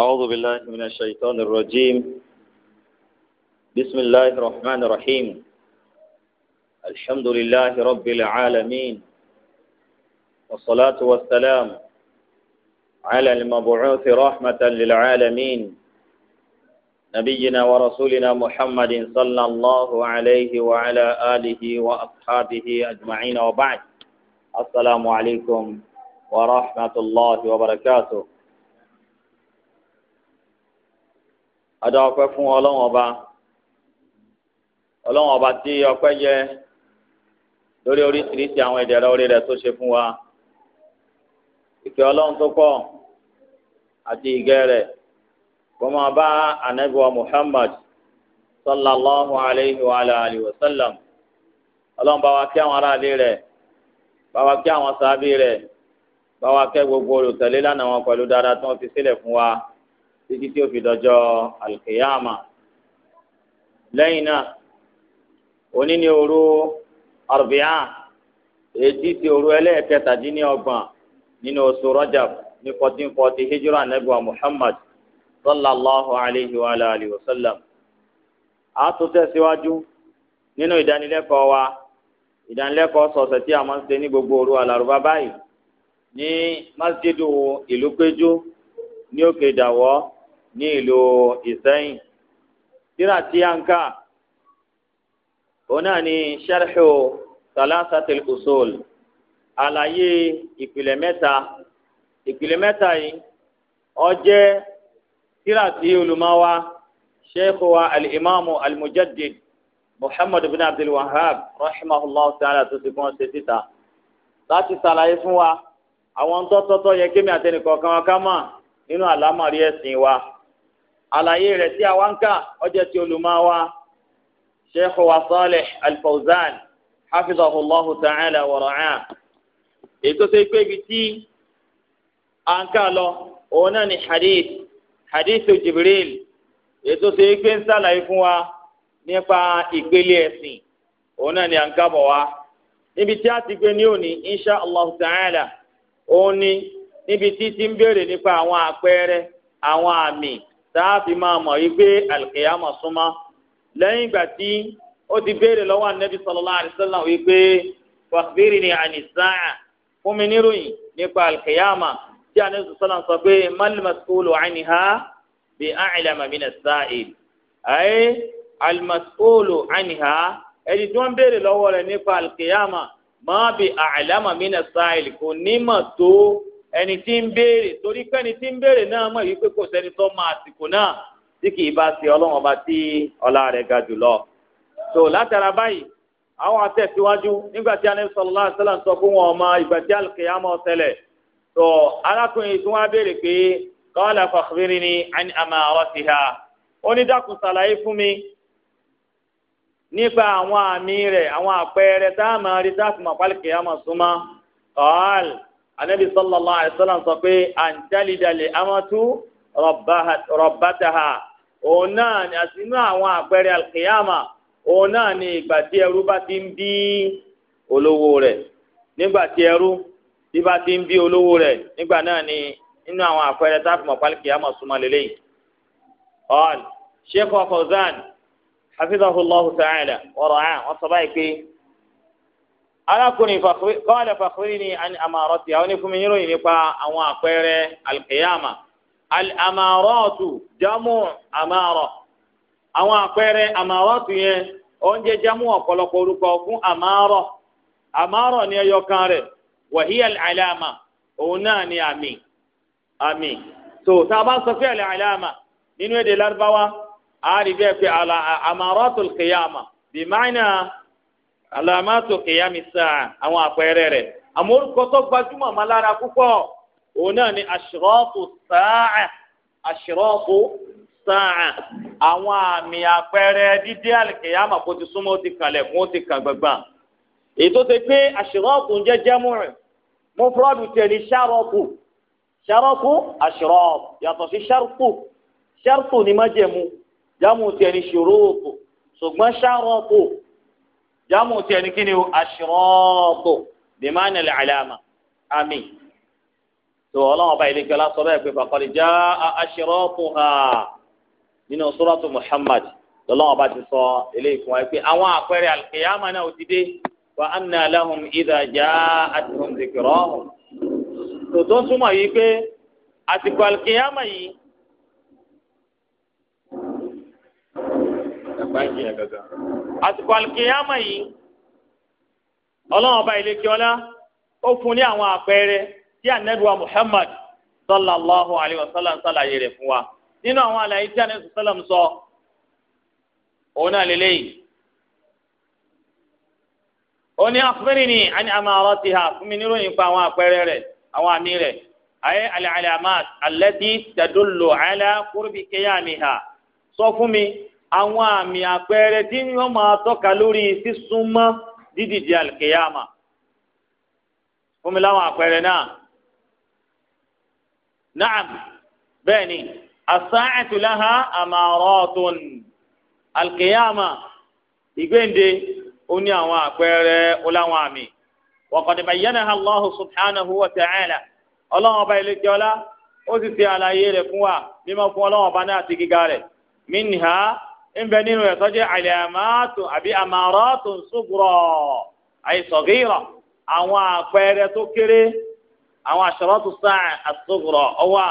أعوذ بالله من الشيطان الرجيم بسم الله الرحمن الرحيم الحمد لله رب العالمين والصلاة والسلام على المبعوث رحمة للعالمين نبينا ورسولنا محمد صلى الله عليه وعلى آله وأصحابه أجمعين وبعد السلام عليكم ورحمة الله وبركاته adá ọpẹ́ fún ọlọ́run ọba ọlọ́run ọba tí ọpẹ́ yẹ lórí oríṣiríṣi àwọn ìdẹ̀rẹ̀ orí rẹ̀ tó ṣe fún wa ìfẹ́ ọlọ́run tó pọ̀ àti ìgẹ́ rẹ̀ kó máa bá ànábì Muhammad sallallahu alayhi wa alayhi wa sallam ọlọ́run bá wa kí àwọn aráàlú rẹ̀ bá wa kí àwọn sábì rẹ̀ bá wa kẹ́ gbogbo olùtẹ̀lé lánàá wọn pẹ̀lú dáadáa tí wọ́n fi sílẹ̀ fún wa títí tí ó fi dọjọ́ alkiyama lẹ́yìn náà òní ni òru arbi'a èyí tí òru ẹlẹ́ẹ̀kẹtàdínlọ́gbọ̀n nínú oṣù rajab ní fourteen forty hijra nebua muhammad sallallahu alayhi wa alayhi wa sallam a tún tẹ̀síwájú nínú ìdánilẹ́kọ̀ọ́ wa ìdánilẹ́kọ̀ọ́ sọ̀sẹ̀ tí a máa ń ṣe ní gbogbo òru alárùbá báyìí ní masjidu ìlú péjú ní òkè ìdàwọ́ ní ìlú ìsẹ́yìn tíra tí a ń kà òun náà ni sharhu salasatil usul àlàyé ìpìlẹ̀ mẹ́ta ìpìlẹ̀ mẹ́ta yìí ó jẹ́ tíra tí olùmọ́wá sheikh wa alimami almujaddid muhammad bin abdul wahab rahimahullah ta'ala tó ti kún ṣe síta láti ṣàlàyé fún wa àwọn tọ́tọ́tọ́ yẹ kémi àtẹnìkọ̀ọ̀kan wa ká mọ̀ nínú àlámọ̀rí ẹ̀sìn wa. àlàyé rẹ̀ tí a wá ń kà ọjọ́ tí olùmọ̀wá sheikh wa ta'ala wa ra'ah ètò tó pé ibi tí a ń kà lọ òun náà ni hadith hadith Jibril ètò tó pé ń sàlàyé fún wa nípa ìgbélé ẹ̀sìn òun náà ni à ń kábọ̀ wá a ti gbé ní òní insha allah ta'ala òun ni níbi tí ti ń béèrè nípa sáàfì máa mọ̀ yí pé àlùkìyàmọ̀ súnmọ́ lẹ́yìn ìgbà tí ó ti béèrè lọ́wọ́ anabi sallallahu alaihi wasallam wí pé wàhbírì ni ànisáà fún mi níròyìn nípa àlùkìyàmọ̀ tí anabi sọlá sọ pé malimasulu àniha bí a'lama min as-sa'il ayé alimasulu àniha ẹni tí wọ́n béèrè lọ́wọ́ rẹ̀ nípa àlùkìyàmọ̀ má bí a'lama min as kò ní mà tó. ẹni tí ń béèrè torí pé ẹni tí ń béèrè náà mọ̀ wípé kò sẹ́ni tó máa àsìkò náà tí kì bá ṣe ọlọ́run ọba tí ọlá rẹ̀ ga jùlọ. tó látara báyìí àwọn àtẹ̀síwájú nígbà tí anabi sallallahu alaihi wasallam sọ fún wọn ọmọ ìgbà tí al-qiyamah ṣẹlẹ̀ tó arákùnrin tí wọ́n á béèrè pé qala fakhbirni an re ó ní fún mi nípa anabi sallallahu alayhi wa sallam sọ pé àǹtálídàlẹ amatu rọbátàhà òun náà ni àti inú àwọn àpẹẹrẹ alkiyama òun náà ni ìgbà tí ẹrú bá ti ń bí olówó rẹ̀ nígbà tí ẹrú tí bá ti ń bí olówó rẹ̀ nígbà náà ni inú àwọn àpẹẹrẹ táfìmọ̀ pálíkìyama súnmọ́ lélẹ́yìn. ọ̀l sheikh Fawzan hafizahullahu ta'ala wa ra'ah wọn sọ báyìí pé arákùnrin kọ́lẹ̀ fàkúrì ní àmàrọ́tì àwọn onífúnmi níròyìn nípa àwọn àpẹẹrẹ alkiyama àmàrọ́tù jámù àmàrọ̀ àwọn àpẹẹrẹ àmàrọ́tù yẹn oúnjẹ jámù ọ̀pọ̀lọpọ̀ orúkọ fún àmàrọ̀ àmàrọ̀ ní ẹyọ kan rẹ̀ wàhíyà àlàmà òun náà ní àmì àmì tó tá a bá sọ pé àlàmà nínú èdè lárúbáwá àárí bẹ́ẹ̀ pé àmàrọ́tù alkiyama bìmáìnà alamátò kìyàmì sáà àwọn àpẹẹrẹ rẹ̀ àmọ́ orúkọ tó gbajúmọ̀ ọmọ lára òun náà ni àṣírọ́pù sáà àṣírọ́pù sáà àwọn àmì àpẹẹrẹ dídé àlìkìyàmà kò ti súnmọ́ ó ti kalẹ̀ kún ó ti kàn gbàgbà èyí tó ṣe pé àṣírọ́pù ń jẹ́ jẹ́múrìn mo fúrọ́dù tiẹ̀ ní ṣárọ́pù ṣárọ́pù yàtọ̀ sí ṣárọ́pù ṣárọ́pù ni májẹ̀mú jámù tiẹ̀ ní ṣòróòpù ṣùgbọ́n ṣárọ́pù jamu tiẹ̀ ní kíni o aṣọ́ọ̀bù bimá nílẹ̀ àlàmà àmì tó ọlọ́run ọba ìlẹ́kẹ́ lásán bẹ́ẹ̀ pé fàkọ́lì já aṣọ́ọ̀bù ha nínú sọ́rọ́tù Muhammad lọ́lọ́run ọba ti sọ eléyìí fún wa pé àwọn àpẹẹrẹ àlùkìyàmà náà ò ti dé wa anna lahum idha ja'atuhum dhikrahum tòótọ́ túmọ̀ yìí pé àsìkò àlùkìyàmà yìí. Thank you àsìkò àlùkìyàmọ̀ yìí ọlọ́run ọba ìlẹ́kì ọlá ó fún ní àwọn àpẹẹrẹ tí ànẹ́dùwà Muhammad sallallahu alayhi wa sallam ṣàlàyé rẹ̀ fún wa nínú àwọn àlàyé tí ànẹ́dùwà sallam sọ òun náà lélẹ́yìí ó ní akhbirni an amaratiha fún mi níròyìn pa àwọn àpẹẹrẹ rẹ̀ àwọn àmì rẹ̀ ayé al-alamat allati tadullu ala qurbi qiyamiha sọ fún mi. àwọn àmì àpẹẹrẹ tí wọ́n máa tọ́ka lórí sísúnmọ́ dídìdì àlùkìyàmà fún mi láwọn àpẹẹrẹ náà naam bẹ́ẹ̀ ni as laha ìgbéǹde ó ní àwọn àpẹẹrẹ ó láwọn àmì wa qad bayyanaha subhanahu wa ta'ala ọlọ́run ọba ilé jọlá ó sì àlàyé rẹ̀ fún wa fún náà rẹ̀ ń bẹ nínú ẹ̀ sọ́jẹ́ àlẹ́màtò àbí àmàràtò ṣùgbọ́rọ̀ àìsọ̀gìrọ̀ àwọn àpẹẹrẹ tó kéré àwọn àṣọrọ́tò sáà àṣùgbọ́rọ̀ ọwọ́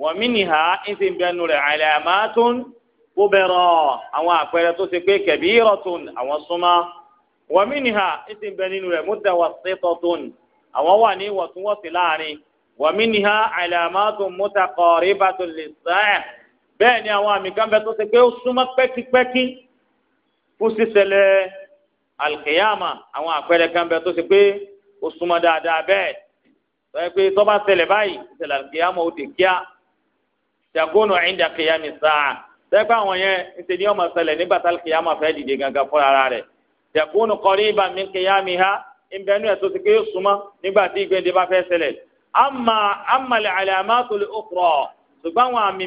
wọ́n mí nìhà ń sì ń bẹ nínú rẹ̀ àlẹ́màtò kúbẹ̀rọ̀ àwọn àpẹẹrẹ tó ṣe pé kẹ̀bíìrọ̀tún àwọn súnmọ́ wọ́n mí nìhà ń sì ń bẹ nínú rẹ̀ múdàwàsítọ̀tún àwọn wà ní ìwọ̀túnwọ̀sí láàrin wọ́n mí nìhà àlẹ́màtò mútakọ̀rìbàtò lè sáà bẹ́ẹ̀ ni àwọn àmì kan bẹ tó ṣe pé ó súnmọ́ pẹ́kípẹ́kí fún alkiyama àwọn àpẹẹrẹ kan bẹ tó ṣe pé ó súnmọ́ dáadáa bẹ́ẹ̀ tó pé tó bá báyìí alkiyama ó dé kíá ṣàkóso ẹ̀ńdà kiyami sáà àwọn yẹn ni ọmọ ṣẹlẹ̀ nígbà tá alkiyama fẹ́ dìde gangan fún ara rẹ̀ ṣàkóso qariba min qiyamiha ìbẹ̀nu ẹ̀ tó ṣe pé ó súnmọ́ nígbà tí ìgbẹ́ndé bá fẹ́ ṣùgbọ́n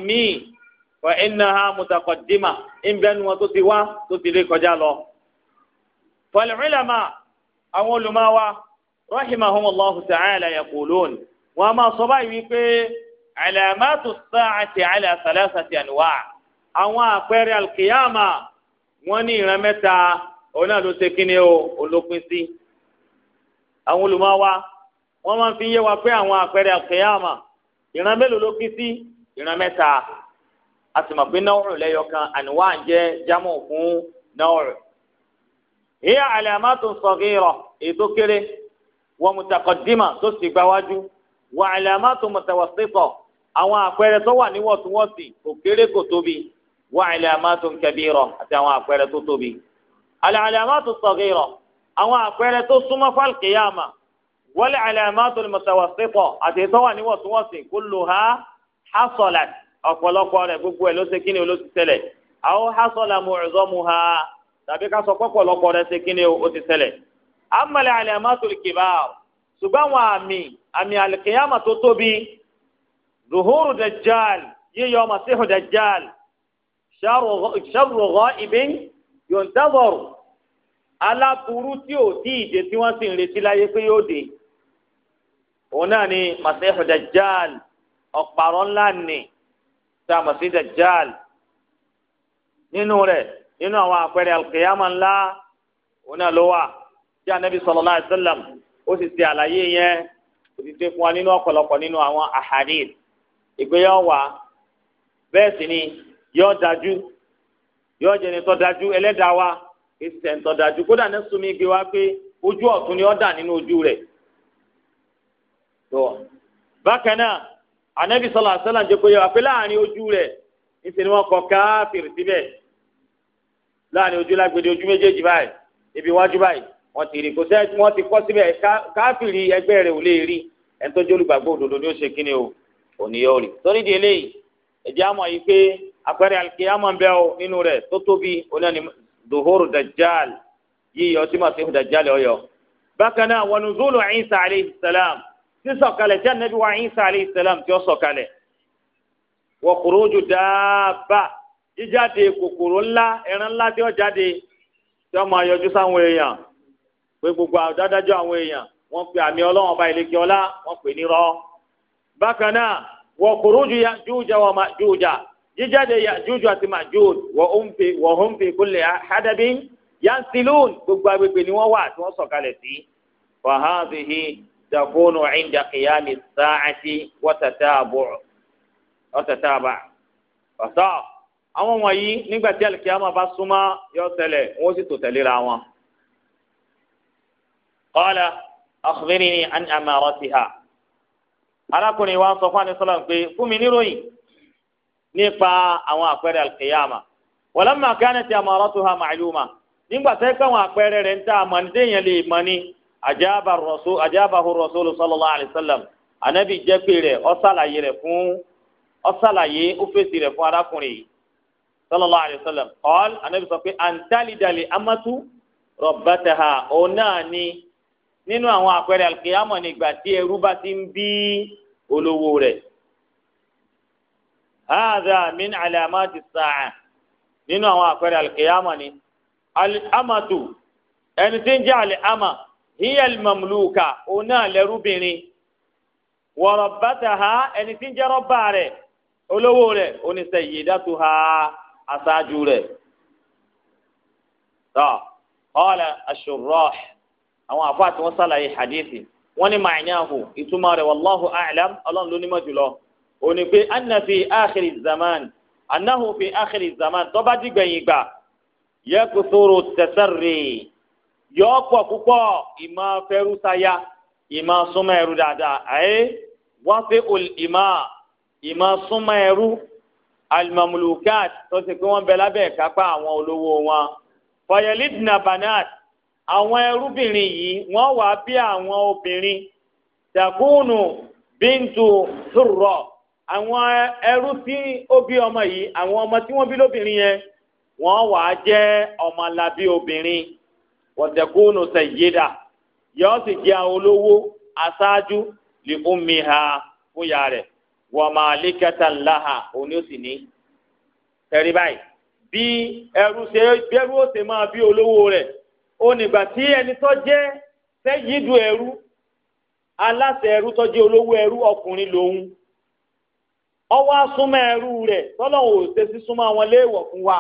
wa innaha mutaqaddima ìbẹ́nu wọn tó ti wá tó ti lé kọjá lọ. fal ulama àwọn olùmọ̀wá rahimahumullahu ta'ala yaqulun wọn a máa sọ báyìí wípé alamatu sa'ati ala salasati anwa' àwọn àpẹẹrẹ alkiyama wọn ní ìran mẹ́ta òun náà ló ṣe kíni o olópin sí. àwọn olùmọ̀wá wọn máa fi yé wa pé àwọn àpẹẹrẹ alkiyama ìran mélòó ló pín sí ìran mẹ́ta a sì mọ̀ pé náwọ̀rù lẹ́yọkan àníwá ń jẹ́ jámọ̀ fún náwọ̀rù. hiya alamatun saghira ètò kéré wa mutaqaddima tó sì gbáwájú wa alamatun mutawassita àwọn àpẹẹrẹ tó wà níwọ̀ntúnwọ̀nsì kò kéré kò tóbi wa alamatun kabira àti àwọn àpẹẹrẹ tó tóbi. alamatun saghira àwọn àpẹẹrẹ tó súnmọ́ fálkìyàmà wal alamatun mutawassita àti ètò wà níwọ̀ntúnwọ̀nsì kulluha hasalat ọ̀pọ̀lọpọ̀ rẹ̀ gbogbo ẹ̀ ló ṣe kíni ló ti ṣẹlẹ̀ àwọn hasọ̀lá mu ẹ̀zọ́mu ha tàbí ká sọ pọ̀pọ̀lọpọ̀ rẹ̀ ṣe kíni ó ti ṣẹlẹ̀ amẹ́lẹ̀ àlẹ́ àmàtòlì kìbá ṣùgbọ́n àwọn àmì àmì àlìkìyàmà tó tóbi zuhuru dajjal yíyọ masihu dajjal ṣàrùrọ̀ ìbín yòǹtàbọ̀rù aláburú tí ò tí ì dé tí wọ́n sì ń retí láyé pé yóò dé òun náà ni masihu dajjal ọ̀pàrọ̀ ńlá nìí tá a mọ̀ sí dajjal nínú rẹ̀ nínú àwọn àpẹẹrẹ alkiyama ńlá òun náà ló wà tí anabi sallallahu alaihi wasallam ó sì ṣe àlàyé yẹn ó sì ṣe fún wa nínú ọ̀pọ̀lọpọ̀ nínú àwọn ahadith ìgbéyàwó wa bẹ́ẹ̀ sì ni yóò dájú yóò jẹ́ ni dájú ẹlẹ́dàá wa ìsẹ̀ ń tó dájú kódà ní sunmi gbé wa pé ojú ọ̀tún ni ó dà nínú ojú rẹ̀ bákan náà anabi sọlá sọlá jẹ́ kóyọ àfi láàrin ojú rẹ̀ níṣẹ́ ni wọ́n kọ káfíìrì síbẹ̀ láàrin ojú lágbèdè ojú méjèèjì báyìí ibi iwájú báyìí wọ́n ti rí kò sẹ́ wọ́n ti kọ́ síbẹ̀ káfíìrì ẹgbẹ́ rẹ̀ ò lè rí ẹni tó jẹ́ olùgbàgbọ́ òdodo ni ó ṣe kíni o òní yóò rí torí di eléyìí ẹ̀jẹ̀ àmọ̀ yìí pé àpẹẹrẹ alikiyama ń bẹ ọ nínú rẹ̀ tó tóbi onáni duhuru dajjal yíyọ tí màsíhù dajjal ọyọ bákan náà wa nuzulu Isa alayhi salam sísọ̀kalẹ̀ tí anabi wa Isa alayhi salam tí ó sọ̀kalẹ̀ wa khuruju dáàbà jíjáde kòkòrò ńlá ẹran ńlá tí ó jáde tí ó máa yọjú sáwọn èèyàn pé gbogbo àdádájọ́ àwọn èèyàn wọ́n pe àmì ọlọ́wọ́n ọba ìlẹkẹ ọlá wọ́n pè ní bákan náà wa khuruju Ya'juja wa Ma'juja jíjáde Ya'juju àti Ma'juj wa hum fi kulli hadabin yansilun gbogbo agbègbè ni wọ́n wà tí wọ́n sọ̀kalẹ̀ sí wàhánzihi تكون عند قيام الساعة وتتابع وتتابع فصار àwọn wọ̀nyí nígbà tí alikiyama bá súnmọ́ yọ ṣẹlẹ̀ wọ́n sì tò tẹ̀léra wọn. qala akhbirni an amaratiha. arákùnrin wa sọ fún anisọ́lá pé fún mi níròyìn nípa àwọn àpẹẹrẹ alikiyama. walamma kanat amaratuha ma'luma. nígbà tẹ́ káwọn àpẹẹrẹ rẹ̀ ń tà àmọ́ ní déyìn lè mọ ni. ajaba rasul ajabahu rasul sallallahu alaihi wa sallam anabi jẹ́pé rẹ̀ ó ṣàlàyé rẹ̀ fún ó ṣàlàyé sallallahu alaihi wa sallam anabi sọ pé antalidali amatu rabbataha òun náà ni nínú àwọn àpẹẹrẹ alkiyamọ ni ìgbà tí ẹrú bá ti ń alamati ẹni tí ń jẹ́ ama. hiyal mamluka òun náà lẹ́rúbìnrin wọ̀rọ̀ bàtà ha ẹni tí ń jẹ́ rọ́bà rẹ̀ olówó rẹ̀ oníṣẹ́ yìí dátú ha aṣáájú rẹ̀ tọ́ ọ̀là aṣọ̀rọ̀ àwọn àfọ àti wọn sàlàyé hadithi wọn ní màáyáhù ìtumọ̀ rẹ̀ wàlláhu a'lam ọlọ́run ló ní òní pé annafi akhiri zaman annahu fi akhiri zaman tó bá gbà yẹ kó sóró tẹsẹ̀rì yọ pọ̀ púpọ̀ ìmọ̀ fẹ́rùsáyà ìmọ̀ súnmọ́ ẹrú dáadáa àyè wọ́n fi ìmọ̀ ìmọ̀ súnmọ́ ẹrú alimamulukat tó ti pé wọ́n bẹ lábẹ́ kápá àwọn olówó wọn fọyẹlídìnnà banat àwọn ẹrúbìnrin yìí wọ́n wà bí àwọn obìnrin dàkúnù bíntù sùrọ̀ àwọn ẹrú tí ó bí ọmọ yìí àwọn ọmọ tí wọ́n bí lóbìnrin yẹn wọ́n wà á jẹ́ ọmọlábí obìnrin. wọ̀tẹ̀kùnù sẹ̀yẹ́dà yọ sì jẹ́ olówó aṣáájú lè omi ha fúyà rẹ̀ wọ́n máa lé kẹta ńlá ha òní ó sì ní. tẹ̀rí báyìí bí ẹrú ṣe bẹ́rù ó ṣe máa bí olówó rẹ̀ ó nígbà tí ẹni tó jẹ́ sẹ́yìdù ẹrú aláṣẹ ẹrú tó jẹ́ olówó ẹrú ọkùnrin lòun ọwọ́ asúnmọ́ ẹrú rẹ̀ àwọn léèwọ̀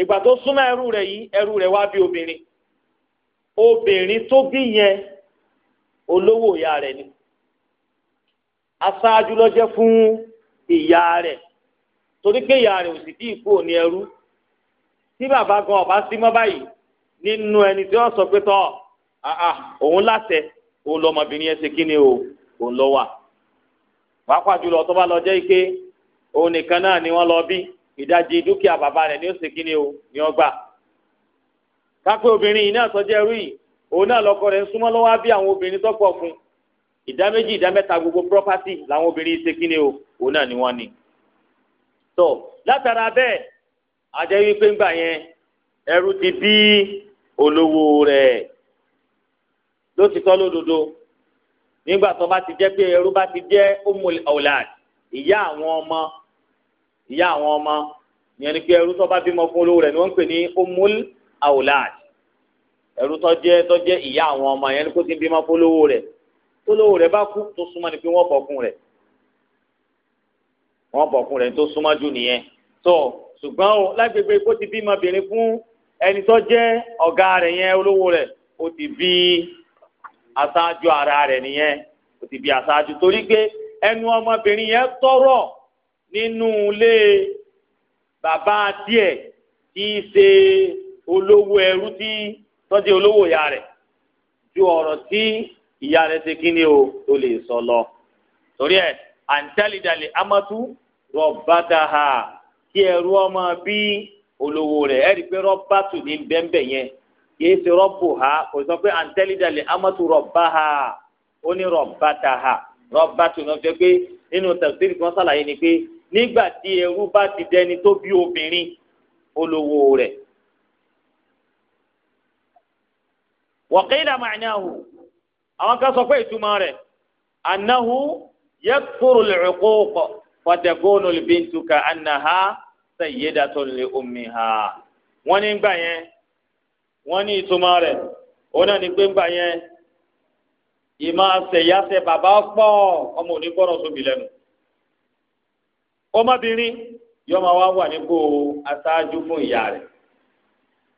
ìgbà tó súnmọ́ ẹrú rẹ̀ yìí ẹrú rẹ̀ wá bí obìnrin obìnrin tó bí yẹn olówó ìyá rẹ̀ ni aṣáájú ló jẹ́ fún ìyá rẹ̀ torí pé ìyá rẹ̀ ò sì bí ìkú òní ẹrú tí bàbá gan ọba sí mọ́ báyìí nínú ẹni tí wọ́n sọ pé tọ́ òun látẹ òun lọmọbìnrin ẹ ṣe kí ni o òun lọ wà pàápàá jùlọ tó bá lọ jẹ́ ike òun nìkan náà ni wọ́n lọ bí ìdajì dúkìá bàbá rẹ̀ ni ó ṣe kíni o ni ó gbà kápẹ́ obìnrin yìí náà sọjẹ́ ẹrú yìí òun náà lọ́kọ rẹ̀ ń súnmọ́ lọ́wọ́ bí àwọn obìnrin tọ́pọ̀ fún ìdá méjì ìdá mẹ́ta gbogbo property làwọn obìnrin ṣe kíni o òun náà ni wọ́n ní. tó látara bẹ́ẹ̀ àjẹ́ wípé ńgbà yẹn ẹrú ti bí olówó rẹ̀ ló ti tọ́ lódodo nígbà tó bá ti jẹ́ pé ẹrú bá ti jẹ́ umul aulad ìyá àwọn ọmọ ìyá àwọn ọmọ ìyẹn ni pé ẹrú tó bá bímọ fún olówó rẹ̀ ni wọ́n ń pè ní umul awlad ẹrú tó jẹ́ tó jẹ́ ìyá àwọn ọmọ ìyẹn ni kó ti bímọ fún olówó rẹ̀ olówó rẹ̀ bá kú tó súnmọ́ ni pé wọ́n bọ̀kún rẹ̀ wọ́n bọ̀kún rẹ̀ tó súnmọ́ jù nìyẹn tó ṣùgbọ́n o lágbègbè kó ti bímọ bìnrin fún ẹni tó jẹ́ ọ̀gá rẹ̀ yẹn olówó rẹ̀ ó ti bí aṣáájú ara rẹ̀ nìyẹn ó ti bí aṣáájú torí pé ẹnu ọmọbìnrin yẹn tọrọ nínú ilé bàbá tiẹ̀ tí í ṣe olówó ẹrú tí tọ́jú olówó ìyá rẹ̀ ju ọ̀rọ̀ tí ìyá rẹ̀ ṣe kíni o tó lè sọ lọ. torí ẹ àǹtálídàlẹ̀ amátú rọ̀bátàhà kí ẹrú ọmọ bí olówó rẹ̀ ẹ rí i pé rọ́bátù ní bẹ́ńbẹ̀ yẹn kìí ṣe rọ́bù ha kò sọ pé àǹtálídàlẹ̀ amátú rọ̀bá ó ní rọ̀bátàhà rọ́bátù náà fẹ́ pé nínú tafsiri kan sàlàyé ni pé nígbà tí ẹrú bá ti dẹni tó bí obìnrin olówó rẹ̀. waqila ma'nahu àwọn kan sọ pé ìtumọ̀ rẹ̀ annahu yakfuru al-uquq fatakunu al-bintu ka'annaha sayyidatun li wọ́n ní gbà yẹn wọ́n ní ìtumọ̀ rẹ̀ òun náà ní pé gbà yẹn ìmọ̀ àṣẹyàṣẹ bàbá pọ̀ ọmọ òní gbọ́dọ̀ lẹ́nu. ọmọbìnrin yóò máa wá wà nípò aṣáájú fún ìyá rẹ̀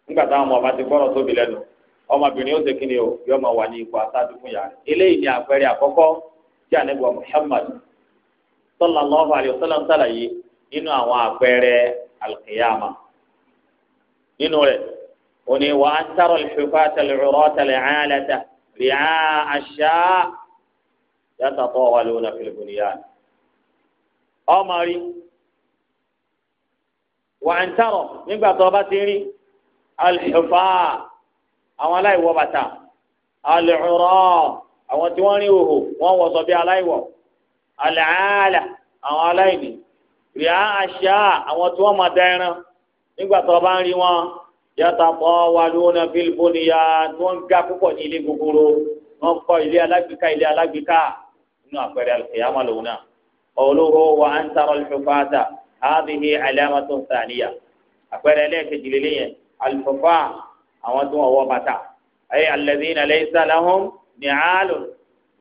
nígbà táwọn ọmọ bá ti gbọ́rọ̀ tóbi lẹ́nu ọmọbìnrin ó ṣe kí ni o yóò máa wà ní ipò aṣáájú fún ìyá eléyìí ni àpẹẹrẹ tí Muhammad sallallahu alayhi wa sallam ṣàlàyé nínú àwọn àpẹẹrẹ alkiyama nínú rẹ̀ òní wà á yàtọ̀ tó ọmọ rí wà ń tàrọ̀ nígbà tó o bá ti rí alìfà àwọn aláìwọ bàtà alìhùrọ̀ àwọn tí wọ́n rí òhò wọ́n wọ̀ sọ bí aláìwọ̀ alàálà àwọn aláìní rìá àṣà àwọn tí wọ́n máa da ẹran nígbà tó o bá ń rí wọn yàtọ̀ àpọ̀ wà lóhùn náà fílípù níyà tí wọ́n ga púpọ̀ ní ilé gbogbo wọn kọ́ ilé alágbèéká ilé alágbèéká nínú àpẹẹrẹ àlùkò yàrá lòun náà. قوله وأن ترى الحفاة هذه علامة ثانية أقول لك جليلية الحفاة أو وبتا أي الذين ليس لهم نعال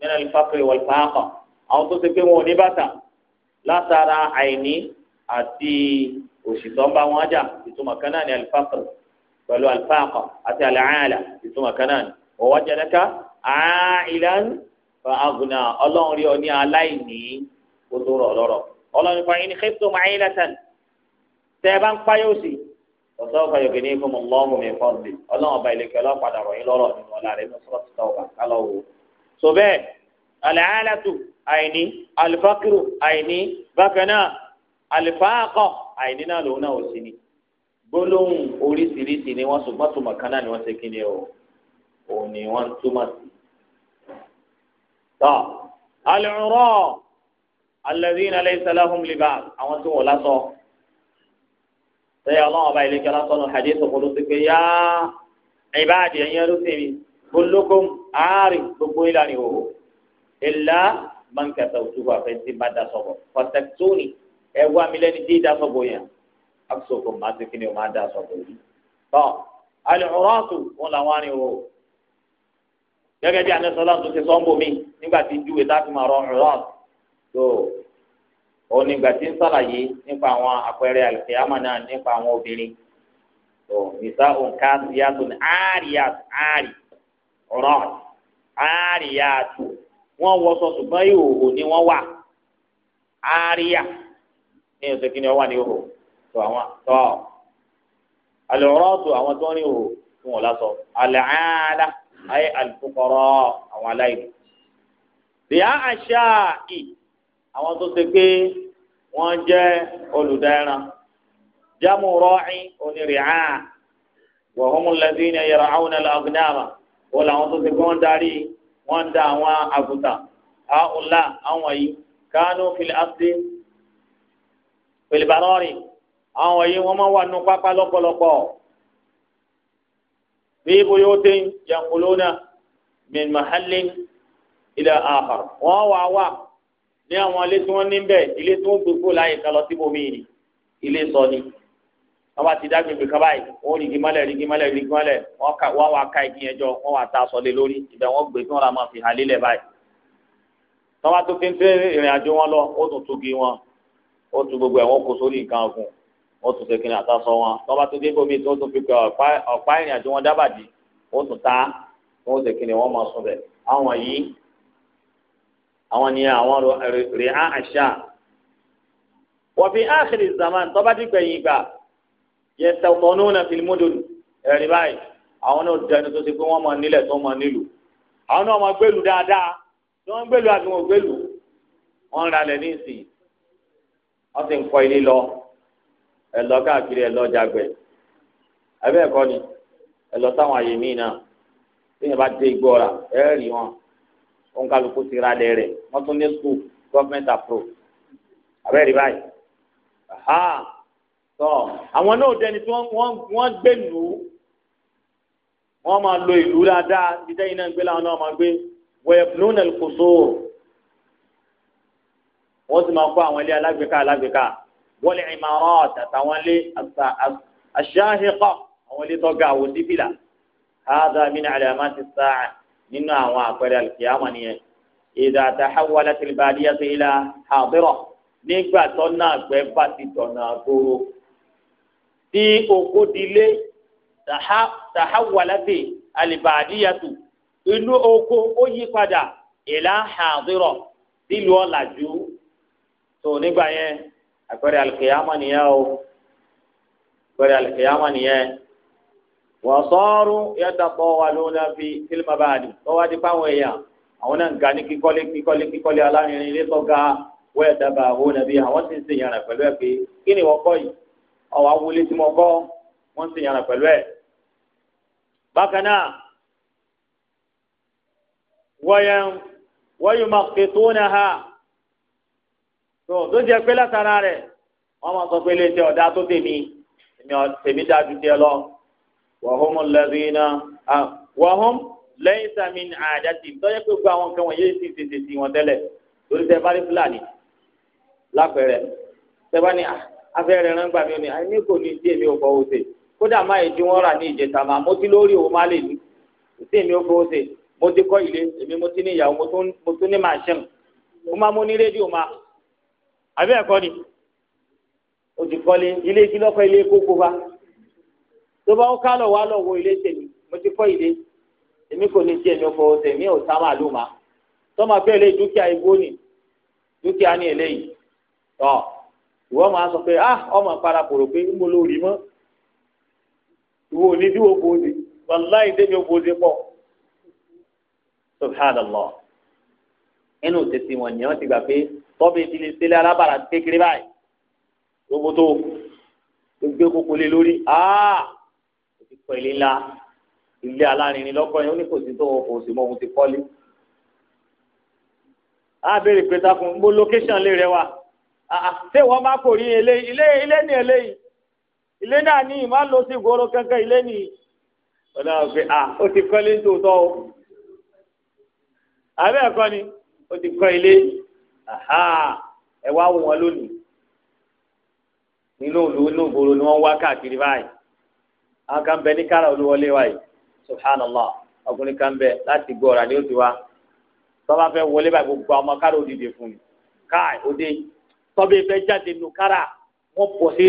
من الفقر والفاقة أو تسكنوا نبتا لا ترى عيني أتي وشيطان بواجا يتم كناني الفقر pẹ̀lú alifáàkọ̀ أتي àlàáyàlà ìtumọ̀ kanáà wọ́n wá jẹ́dẹ́ka àáìlán fa agùnà ọlọ́run kó tó rọ̀ lọ́rọ̀ ọlọ́run fa in khiftum ailatan tẹ́ ẹ bá ń payé òsì ọ̀sọ́ ọ̀fàyọ̀kẹ́ ní fún ọlọ́run mi fọ́n mi ọlọ́run ọba ìlẹ̀kẹ́ ọlọ́pàdà rọ̀ yín lọ́rọ̀ nínú ọ̀la rẹ̀ nínú sọ́ọ̀tì tọ́wọ́ kálọ̀ wò. so bẹ́ẹ̀ alaalatu àìní alifakiru àìní bákan náà alifaakọ àìní náà lòun náà ò sí ni gbólóhùn oríṣiríṣi ni wọ́n ṣùgbọ́n tó mọ̀kán ni wọ́n ṣe kí ni o òun ni wọ́n sí. tọ́ alùrọ̀ alladhina laysa lahum libas àwọn tí wọ́n lásọ sẹ́yìn ọlọ́run ọba ìlẹ́jọ́ lásán ní hadith ọ̀pọ̀lọ́ sí pé yá ìbáàdì ẹ̀yìn ẹlòsìn mi gbólógún àárín gbogbo ìlànà ìhòòhò ìlà bánkẹ́tà òtúbọ̀ àfẹ́sí bá dasọ̀bọ̀ pọ̀tẹ́kítọ́nì ẹ̀wọ́ amílẹ́ni tí dasọ̀bọ̀ yẹn àkùsọ̀kọ̀ máa ti kíni o máa dasọ̀bọ̀ yìí. tọ́ máa rọ ọ̀rọ̀ọ̀tù o onígbà tí ń sàlàyé nípa àwọn àpẹẹrẹ àlùkìyàmà náà nípa àwọn obìnrin tó nìsa òǹkà síyàtò ní àríyàtò àrí rọt àríyàtò wọn wọṣọ ṣùgbọ́n ìhòòhò ni wọn wà àríyà ní oṣù kìíní ọwà ní ìhòòhò so àwọn tó àlùrọ́ọ̀tù àwọn tó ń rí ìhòòhò tí wọn lásọ àlàáda ayé àwọn àwọn tó ṣe pé wọ́n jẹ́ olùdáran jamu rọ́ọ̀ì onírìá wa hum alladhina yar'awna al-aghnama wọ́n làwọn tó ṣe pé wọ́n darí wọ́n da àwọn àgùntàn àwòlá àwọn yìí kánú fìlẹ̀ àti àwọn yìí wọ́n máa wà nù pápá lọ́pọ̀lọpọ̀ bí buyutin yanquluna min mahallin ila akhar wọ́n wà wà ní àwọn ilé tí wọ́n ní ń bẹ̀ ilé tí wọ́n gbogbo láyè kan lọ síbò ni ilé sọ ni wọ́n bá ti dá gbègbè kan báyìí wọ́n rìgì mọ́lẹ̀ rìgì mọ́lẹ̀ rìgì mọ́lẹ̀ wọ́n wá ká igi yẹn jọ wọ́n wá ta aṣọ lé lórí ibẹ̀ wọ́n gbé tí wọ́n ra máa fi hàn lélẹ̀ báyìí tọ́wọ́ tó fi ń tẹ́ ìrìn àjò wọn lọ ó tún tugi wọn ó tún gbogbo ẹ̀ wọ́n kó sórí nǹkan ọ̀gùn ó tún ṣe kìnìún àtàsọ wọn tọ́wọ́ tó dé bómi tó tún fi pẹ́ ọ̀pá ìrìn àjò wọn dábàdì ó tún ta ó ṣe kìnìún wọn máa sùn bẹ̀ àwọn yìí àwọn ni àwọn rè á àṣà wọ́n fi áàkiri zaman tọ́ba ti gbẹ̀yìn gbà yẹ sọ̀tọ̀nù náà fi múdùn ẹ̀rí báyìí àwọn náà dẹnu tó ti pé wọ́n máa nílẹ̀ tó máa nílùú àwọn náà máa gbèlú dáadáa tí wọ́n gbèlú àti wọ́n gbèlú wọ́n ń ralẹ̀ ní wọ́n sì ń kọ́ ilé lọ ẹ̀ káàkiri ẹ̀ jagbẹ̀ ẹ̀bẹ́ ẹ̀kọ́ ni ẹ̀ lọ àyè míì náà tí yẹn bá dé igbó ọ̀rà òǹkàlùkù ti ra lẹ̀ rẹ̀ wọ́n tún ní school government approve abẹ́rẹ́ báyìí tọ́ àwọn náà dẹni tí wọ́n gbé nù ú wọ́n máa lo ìlú dáadáa dídá iná gbé láwọn náà máa gbé wẹ̀ẹ́bùnúnà kò sóòrò wọ́n sì máa kọ́ àwọn ilé alágbèéká alágbèéká wọ́n lè ìmọ̀ ọ̀rọ̀ àtàwọn ilé àṣáhìkọ́ àwọn ilé tó ga àwọn síbìlà káàdà mí ní àlẹ́ àmà ti sáà nínú àwọn àpẹẹrẹ àlùkìyàmọ nìyẹn idha tahawwalat al-badiyatu ila hadira nígbà tọ́nà àgbẹ̀ bá ti tọ̀nà àgbòrò tí oko dilé tahawwalat al-badiyatu inú oko ó yí padà ila hadira sílùú ọ̀làjú tó nígbà yẹn àpẹẹrẹ àlùkìyàmọ nìyẹn o àpẹẹrẹ àlùkìyàmọ nìyẹn wọ́sọ́ọ́rù yàtọ̀pọ̀ wà lóun náà fi sílímà bá a di tó wá di fáwọn èèyàn àwọn náà ń ga ní kíkọ́lé kíkọ́lé kíkọ́lé alárinrin ilé tó ga wọ́n yà dábàá owó nàbí àwọn sì ń ṣe yàrá pẹ̀lú ẹ̀ pé kí ni wọ́n kọ́ yìí ọ̀wọ́ awolé tí mo kọ́ wọ́n ń yàrá pẹ̀lú ẹ̀. bákan náà wọ́yẹn wọ́yùn máa tó náà ha tó tó jẹ́ pé látara rẹ̀ wọ́n máa sọ pé lè ṣe ọ̀dà tó tèmi tèmi dájú tiẹ lọ wàhùn lẹ́bìínà wàhùn lẹ́yìn sami àdàtì tọ́jú pé gbogbo àwọn nǹkan wọ̀nyí ti tètè sí wọn tẹ́lẹ̀ lórí tẹ́ bá rí fúlàní lápẹ̀rẹ̀ tẹ́ bá ní ah, afẹ́rẹ́ rẹ̀ ń gbà mí ni àyè ah, ní kò ní tí èmi ò fọwọ́ sí kódà má yẹ tí wọ́n rà ní ìjẹta mà mo ti lórí òun má lè ní tí èmi ò fọwọ́ sí mo ti kọ́ ilé èmi mo ti ní ìyàwó mo tún ní màá ṣẹ́mu mo máa mo ní rédíò máa àbí ẹ̀kọ́ ni o ti kọ́lé ilé kí lọ́kọ́ ilé kókó fa tó bá ń ká lọ wá lọ wo ilé tèmi mo ti kọ́ ilé èmi kò ní jẹ́ mi fọ tèmi ò sá màlúù ma tọ́mọ fẹ́ lé dúkìá igbó ni dúkìá ni eléyìí tọ́ ìwọ máa sọ pé ah ọmọ para kòrò pé ń mo ló rí mọ́ ìwọ ò ní dúró bòde wàláì débi bòde pọ̀ subhanallah inú tètè wọn ni wọn ti gbà pé tọ́bi ìdílé sílẹ̀ alábàárà kékeré báyìí gbogbo tó gbé kókó lé lórí ah pẹ̀lú ńlá ilé alárinrin lọ́kọ́ yẹn ó ní kò sí tó kò sí mọ́ òun ti kọ́lé. a béèrè pé takùn gbó location lè rẹwà ṣé wọ́n máa kò rí ilé ilé ilé ní eléyìí ilé náà ní ìmọ̀ lọ sí ìgboro kankan ilé ní. ọlọ́run pé a ó ti kọ́lé tòótọ́ o àbẹ́ ẹ̀kọ́ ni ó ti kọ́ ilé ẹ wá wò lónìí nínú òlùwínú ìgboro ni wọ́n wá káàkiri báyìí. A kan bẹ ní kára olúwọlé wa yìí subhanallah ọkùnrin kan bẹ láti gbọ́ ọ̀rọ̀ àdéhùn tiwa tọ́ba fẹ́ wọlé báyìí gbogbo àwọn kára òdìdè fún de káì òde tọ́ba ìfẹ́ jáde nù kára wọ́n pọ̀ sí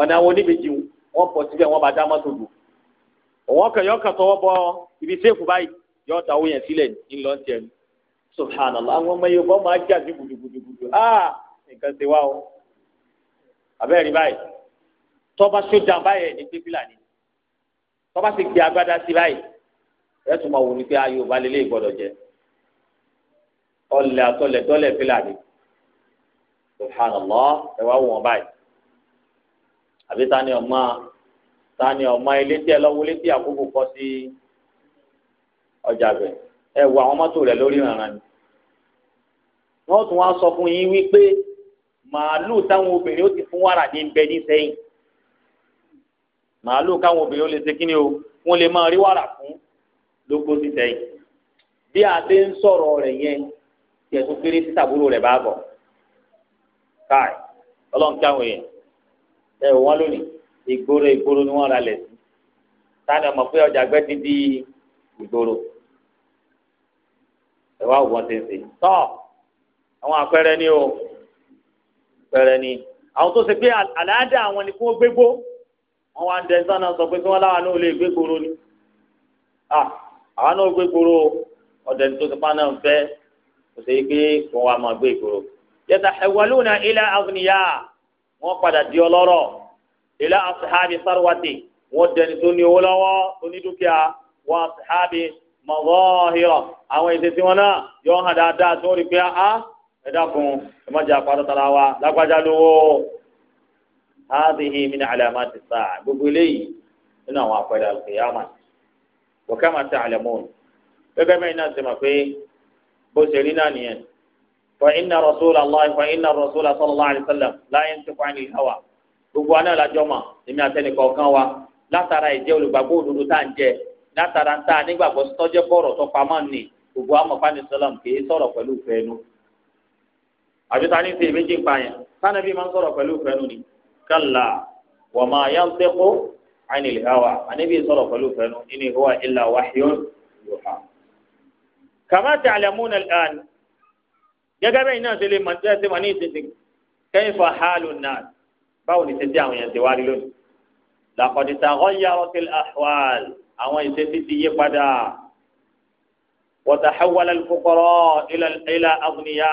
ọ̀nà àwọn oníbejì wọ́n pọ̀ síbẹ̀ wọ́n bá dá mọ́tò lù wọ́n kẹ̀ yọ kàn tọwọ́ bọ ibi sẹ́ẹ̀kù báyìí yọ ọ̀tà owó yẹn sílẹ̀ ńlọ tiẹ̀ nù subhanallah àwọn ọmọ yorùbá máa jà sí gudugudugudu ah nǹkan ṣe wá o àbẹ́rẹ́ báyìí tọ́ba sójà báyẹ̀ ní pípìlà ni tọ́ba sì gbé agbádá sí báyìí ẹ̀ tún máa wò ní pé ayé ò bá lélẹ̀ jẹ ọlẹ̀ àtọlẹ̀ tọ́lẹ̀ pílà ni subhanallah ẹ wá wọ̀n báyìí àbí tani ọmọ tani ọmọ ilé tí ẹ lọ́wọ́ ilé tí àkókò kọ́ sí ọjà bẹ̀ ẹ wọ àwọn mọ́tò rẹ̀ lórí ìrànràn ni wọ́n tún wá sọ fún yín wípé màálù táwọn obìnrin ó ti fún wàrà ní bẹ ní sẹ́yìn màálù káwọn obìnrin ó lè ṣe kíni o wọn lè máa rí wàrà fún lóko títẹ yìí bí a ti ń sọ̀rọ̀ rẹ̀ yẹn tiẹ̀ tó kéré sí tàbúrò rẹ̀ bá bọ̀ káì ọlọ́run kí àwọn èèyàn ẹ ò wọ́n lónìí ìgboro ìgboro ni wọ́n ra lẹ̀ sí táwọn ọmọ pé ọjà gbẹ́ ti di ìgboro ẹ wá wọ́n ti sè tọ́ àwọn àpẹẹrẹ ni o àpẹẹrẹ ni àwọn tó ṣe pé àlàáda àwọn ni kí gbégbó. wọn wá ń dẹ sọ́nà sọ pé kí wọ́n láwọn lè gbé koro ni àwọn náà gbé koro ọ̀dẹ̀ tó ti pàánà ń kò sí pé kò wá máa gbé koro. yẹta ẹwàlúùnà ilẹ̀ àfúnìyà wọn padà di ọlọ́rọ̀ ilẹ̀ dẹni tó ní owó lọ́wọ́ a kun má hadhihi min alamati saa gbogbo eléyìí nínú àwọn àpẹẹrẹ alqiyama wa kama ta'lamun gẹ́gẹ́ bẹ́ẹ̀ náà ṣe mọ̀ pé bó ṣe rí fa inna fa inna rasula sallallahu alayhi sallam la hawa gbogbo na lajọ mọ na àtẹnìkọ kan wa látara ìjẹ olùgbàgbọ́ òdodo tá à ń jẹ látara ń ta nígbàgbọ́ tọjẹ bọrọ tó pamọ́ nì gbogbo amọfani sọlọm kálá wà máa yá ń tẹ́kọ́ àìní lè háwà àníbi sọ̀rọ̀ pẹ̀lú fẹ́nu inú ìhùwà ìlà wáhíọ́n yóò hà. kàmá tí àlẹ́mú náà lẹ́hàn gẹ́gẹ́ bẹ́ẹ̀ náà ṣe lè mọ̀ tẹ́sí wọn ní ìsinsìn kẹ́yìn fà hálù náà báwo ni tẹ́tí àwọn yẹn ti wá rí lónìí. làkọ̀dìtà ọ̀yà ọ̀tẹ̀l àhwàl àwọn ìṣesí ti yí padà wọ̀tàhẹ́wàlẹ̀ fúkọ́rọ́ ilà àgùnìyà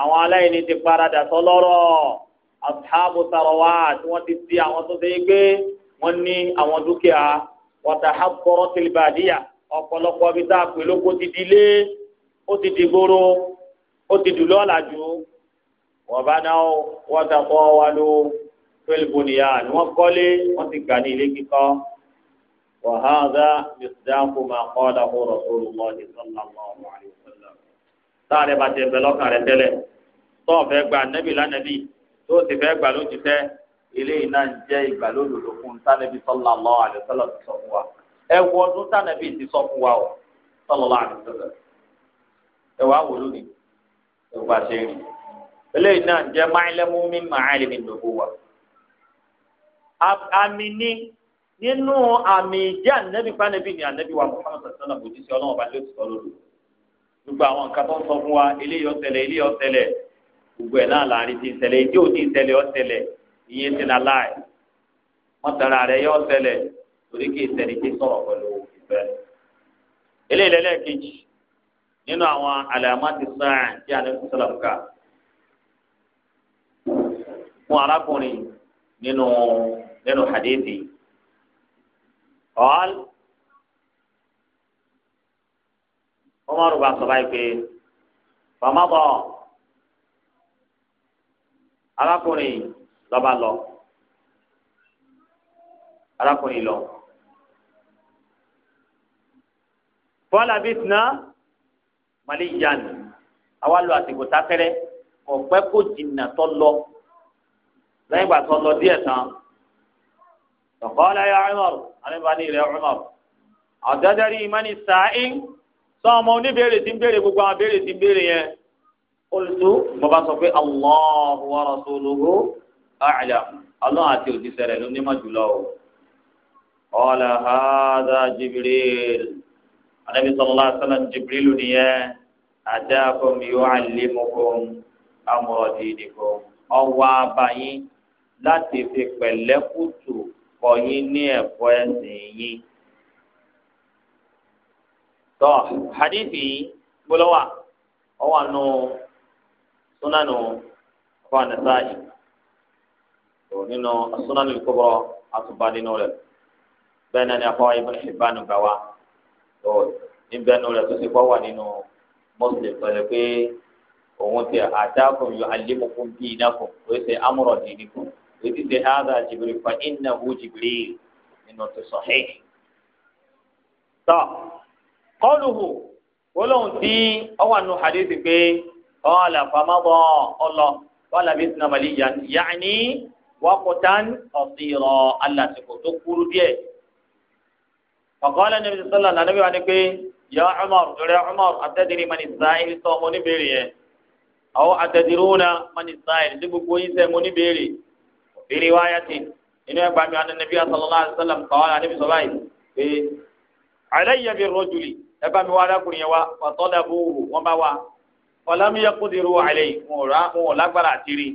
àwọn aláìní ti paradà sọlọ́rọ̀ ashabu sarawa tí wọ́n ti di àwọn tó ṣe é gbé wọ́n ní àwọn dúkìá wàtàhàbọ̀rọ̀ tìlìbàdíyà ọ̀pọ̀lọpọ̀ bí tá a pè lóko ti di ilé ó ti di gbòòrò ó ti dùn lọ́làjú wọ́n bá náà wọ́tàkọ́ wa ló fẹ́lifóníyà ni wọ́n kọ́lé wọ́n ti gà ní ilé kíkọ́ wàhálà mìsídáàkù máa kọ́ dàkú Rasulullahi sallallahu alaihi wasallam. táà rẹ̀ bá ti bẹ̀ lọ́kàn rẹ̀ tẹ́lẹ̀ tó o gba nẹ́bí lánàbí tó o sì fẹ́ gbà lójú tẹ́ eléyìí náà ń jẹ́ ìgbàlódodo fún tánàbí sallallahu alaihi wasallam ti sọ fún wa ẹ wọ ọdún tánàbí ti sọ fún wa o sallallahu alaihi wasallam ẹ wàá wò lónìí ẹ wàá ṣe rí eléyìí náà ń jẹ́ máìlẹ́mú mi máìlẹ́ mi lòbó wa. àmì ni nínú àmì ìjẹ́ ànábì fánàbí ni ànábì wa Muhammad sallallahu alaihi wasallam òjíṣẹ́ ọlọ́run ọba ló ti sọ lódodo gbogbo àwọn nǹkan tó ń sọ fún wa eléyìí ó gbogbo ẹ̀ náà láàrin ti ń ṣẹlẹ̀ ìdí òní ìṣẹlẹ̀ ọ̀ṣẹlẹ̀ ìyẹn ti la láì wọ́n tẹ̀ra rẹ̀ yọ ọ̀ṣẹlẹ̀ torí kí ìṣẹlẹ̀ ti sọ̀rọ̀ pẹ̀lú ìfẹ́. eléyìí nínú àwọn àlàmà ti tí a ní sọ̀rọ̀ ká fún arákùnrin nínú nínú hadithi ọ̀hán arákùnrin lọba lọ arákùnrin lọ bọ́lá bíi tìǹà maliyan àwa lọ àsìkò sáfẹ́rẹ́ ọ̀pẹ́ kò jìnnà tó lọ lẹ́yìn ìgbà tó lọ díẹ̀ tán ọ̀kọ́lá ya Umar alẹ́bàáni rẹ̀ Umar ọ̀dọ́dẹ́rì ìmánì sàáín sọ ọmọ oníbèrè tí ń béèrè gbogbo àwọn béèrè tí ń béèrè yẹn olùtú mo bá sọ pé Allahu wa rasuluhu a'lam ọlọ́run àti òjíṣẹ́ rẹ̀ ló nímọ̀ jùlọ o. ọ̀la hàdà jibril anabi sallallahu alaihi wasallam jibril nìyẹn àdáàkùn yu'allimukum amra dinikum ọwọ́ abayín láti fi pẹ̀lẹ́kùtù kọ́ yín ní ẹ̀kọ́ ẹ̀sìn yín. tọ́ hadithi gbọ́lọ́wà ọwọ́ àánú. súnánù ọkọ ànàsáyì tó nínú súnánù ìkóbọrọ àtúbà nínú rẹ̀ bẹ́ẹ̀ ni afọ ibùdó ìbánu gbà wá tó níbẹ̀ nínú rẹ̀ tó ti kọ́ wà nínú mọ́sílẹ̀ pẹ̀lú pé ti àtàkùn yóò alẹ́mọ̀kún bíi náà kù ó ti ti fa iná hu jìbìrì nínú ti sọ̀hẹ́. tó kọ́lùhù wọ́n lóun tí ọwọ́ kọ́ọ̀là fàmọ́bọ̀ ọlọ kọ́ọ̀là bí sinamali yaani wakutan ọ̀sìrọ̀ alásìkò tó kúrú díẹ̀. ọ̀kọ́ọ̀là níbi sọ́lá nànà bí wà ní pé yà Umar rẹ̀ Umar atẹ́dìrì mani sáyẹ̀lì sọ ọmọ oníbèrè yẹn. àwọn atẹ́dìrúnà mani sáyẹ̀lì tí gbogbo yín sẹ́ mo oníbèrè. òbírí wáyà tì inú ẹgbà mi àná nàbí asọ̀lọ́lá àdìsọ́lá kọ́ọ̀là níbi sọ́lá yìí pé àlẹ́ yẹ bí rọ́jùlì ẹ mi wá ọ̀làmúyẹ kúndìrú àlẹ́ ìfúnra wọn lágbára àtìrí.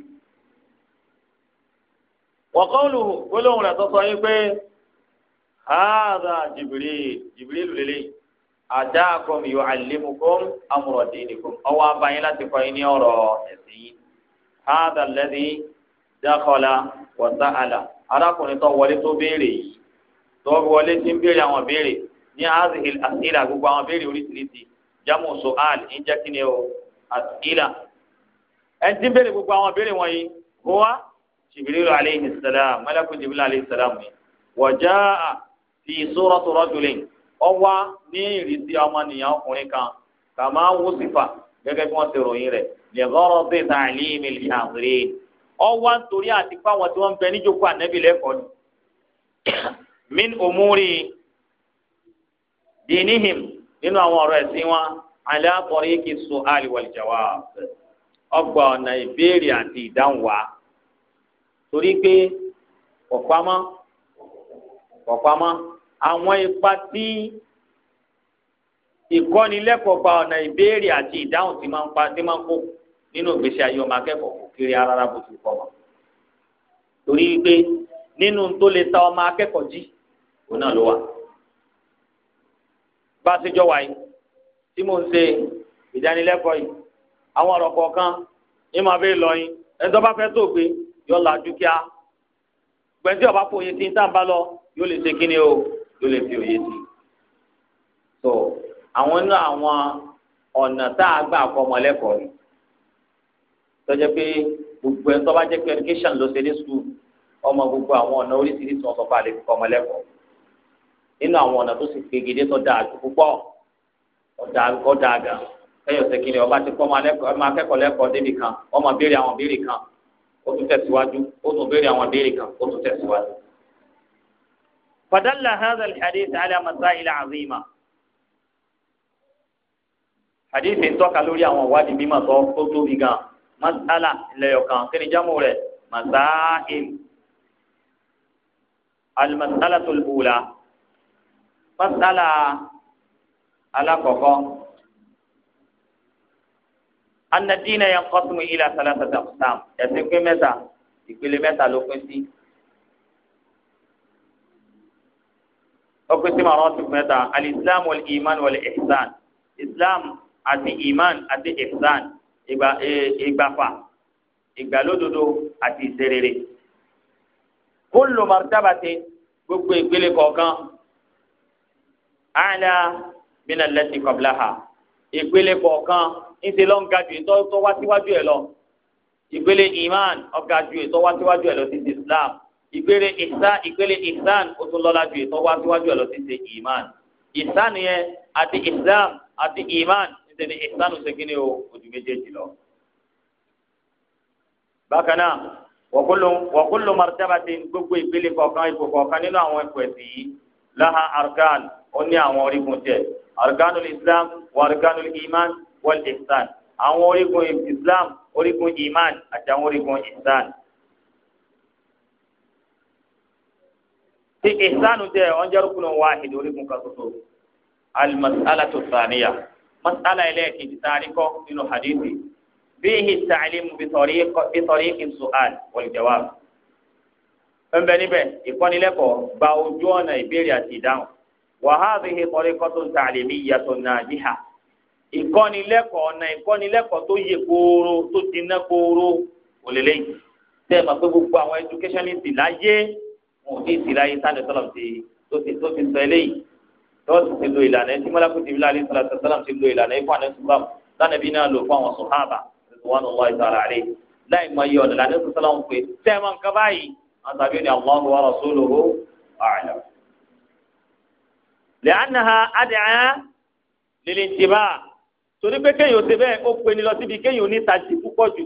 wọ́kọ́lù gbólóhùn rẹ̀ sọ́sọ́ yín pé haza Jibril Jibril lulẹ̀ àdáàkọ́m yóò àlémukọ́m amúrọ̀dínìkọ́m ọwọ́ abayé láti kọ́ yín ní ọ̀rọ̀ ẹ̀sìn yín haza lẹ́dí dákọ́lá wọ́tá àlà arákùnrin tó wọlé tó béèrè yìí tó wọlé tí ń béèrè àwọn béèrè ní azihil asila gbogbo àwọn béèrè oríṣiríṣi jamu soal ń jẹ́ kí ni o àtìlà ẹni tí ń béèrè gbogbo àwọn béèrè wọ̀nyí huwa jibirilu aleyhi salam malaku jibirilu aleyhi salam ni wàjà fi suratu rajulin ọwá ní ìrísí ọmọnìyàn ọkùnrin kan kàmá wúsífà gẹ́gẹ́ bí wọ́n ti ròyìn rẹ̀ lẹgọrọ bí tàlímì lìhàmìrì ọwá nítorí àti fáwọn tí wọ́n bẹ níjókòó ànábì lẹ́kọ̀ọ́ ni min umuri dinihim nínú àwọn ọ̀rọ̀ ẹ̀sìn wọn. ala tariqi su'al wal jawab ọgbà ọ̀nà ìbéèrè àti ìdáhùn torí pé ọ̀pamọ́ ọ̀pamọ́ àwọn ipa tí ìkọ́nilẹ́kọ̀ọ́ gba ọ̀nà ìbéèrè àti ìdáhùn tí máa ń pa tí máa ń kó nínú ìgbésí ayé ọmọ akẹ́kọ̀ọ́ kò kiri rárá bó ti kọ́ wọn. torí pé nínú tó lè ta ọmọ akẹ́kọ̀ọ́ jí òun náà ló wà. bá a ti jọ wáyé tí mò ń ṣe ìdánilẹ́kọ̀ọ́ yìí àwọn ọ̀rọ̀ kọ̀ọ̀kan ní màá bẹ́ẹ̀ lọ yín ẹni tó bá fẹ́ tó gbé yọ la dúkìá gbẹ̀ntì ọ̀bá fún oye tí ń tàǹbà lọ yóò lè ṣe kíni o yóò lè fi oye sí i. tó àwọn inú àwọn ọ̀nà tá a gbà kọ́ ọmọ lẹ́kọ̀ọ́ yìí tó pé gbogbo ẹni tó bá jẹ́ pé education ló ṣe ní school ọmọ gbogbo àwọn ọ̀nà oríṣiríṣi wọn sọ fún àlè kọ́ ọmọ inú àwọn ọ̀nà tó sì pegedé tó dáa jù púpọ̀ ọ̀dà ọ̀dà gan ẹ̀yọ̀ sẹ́kìnì ọba ti kọ́ ọmọ akẹ́kọ̀ọ́ lẹ́kọ̀ọ́ débì kan ọmọ béèrè àwọn béèrè kan ó tún tẹ̀síwájú ó tún béèrè àwọn béèrè kan ó tún tẹ̀síwájú. fadalla hadha alhadith ala masail azima hadith ń tọ́ka lórí àwọn ìwádìí mímọ̀ tó tó tóbi gan masala lẹ́yọ̀kan kí ni jámù rẹ̀ masail almasalatul ula masala alakọkọ anadina yẹn kọtùmù ilà sàlàsàtà sàm ẹsìn pé mẹ́ta ìpele mẹ́ta ló pín sí ó pín sí màrán tó mẹ́ta alìsílámù wọlé ìmán wọlé ìsán islam àti ìmán àti ìsán ìgbà e, ìgbàfà ìgbàlódodo àti ìṣerere kólò màrúdàbàtì gbogbo ìpele kọ̀ọ̀kan àlà mina lẹ́sìn kọ̀bílà ha ìpele kọ̀ọ̀kan ńṣe ló ń ga ju ètò tó wá síwájú ẹ̀ lọ ìpele iman ọ̀gá ju ètò wá síwájú ẹ̀ lọ sí ti islam ìpele ihsan ìpele ihsan ó tún lọ́lá ju ètò wá síwájú ẹ̀ lọ sí ti iman ihsan yẹn àti islam àti iman ńṣe ni ihsan ṣe kí ni o ojú méjèèjì lọ. bákan náà wọ́kúlù wọ́kúlù martabatin gbogbo ìpele kọ̀ọ̀kan ipò kọ̀ọ̀kan nínú àwọn ẹ̀kọ́ ẹ̀sìn yìí láha arkan ó ní àwọn orígun tiẹ̀ arkanul islam wa arkanul iman wal ihsan àwọn orígun islam orígun iman àti àwọn orígun ihsan. ti ihsanu jẹ ọ̀njẹ́ rúkúnù wáhìdì orígun kan ṣoṣo almasalatu saniya masala ẹlẹ́ẹ̀kejì sáré kọ́ nínú hadithi fihi ta'limu bitariqi su'al wal jawab. ń bẹ níbẹ̀ ìkọ́nilẹ́kọ̀ọ́ gba ojú ọ̀nà ìbéèrè àti ìdáhùn wàhálàhìn kọ́ríkọ́ tó ń ta àlèmí ìyàtọ̀ nàìjíríà ìkọ́nilẹ́kọ̀ọ́ ọ̀nà ìkọ́nilẹ́kọ̀ọ́ tó yẹ kóró tó dínà kóró òlélẹ́ yìí tẹ́ ẹ máa pé gbogbo àwọn educationist láyé wọn ò ní ìsìlá yìí sáni sọlọm ti tó ti tó ti sọ eléyìí tó ti ti lo ìlànà tí mọ́lá kùtì bílá àlè sọlá sọlọm ti lo ìlànà ikú àná sọlọm lánàá bí náà lò fún àwọn sọ̀hábà wọn lọ́wọ́ ìtàrà rẹ̀ láì mọ iye ọ̀nà lànà sọlọm pé tẹ́ ẹ máa ń kaba yìí àtàbí ni àwọn ọmọ wa rọ̀ sólò ó àyà lẹ́hánnáha adìyẹ lílì tìbà torí pé kéèyàn ò ṣe bẹ́ẹ̀ ó pe ni lọ síbi kéèyàn ò ní tají púpọ̀ jù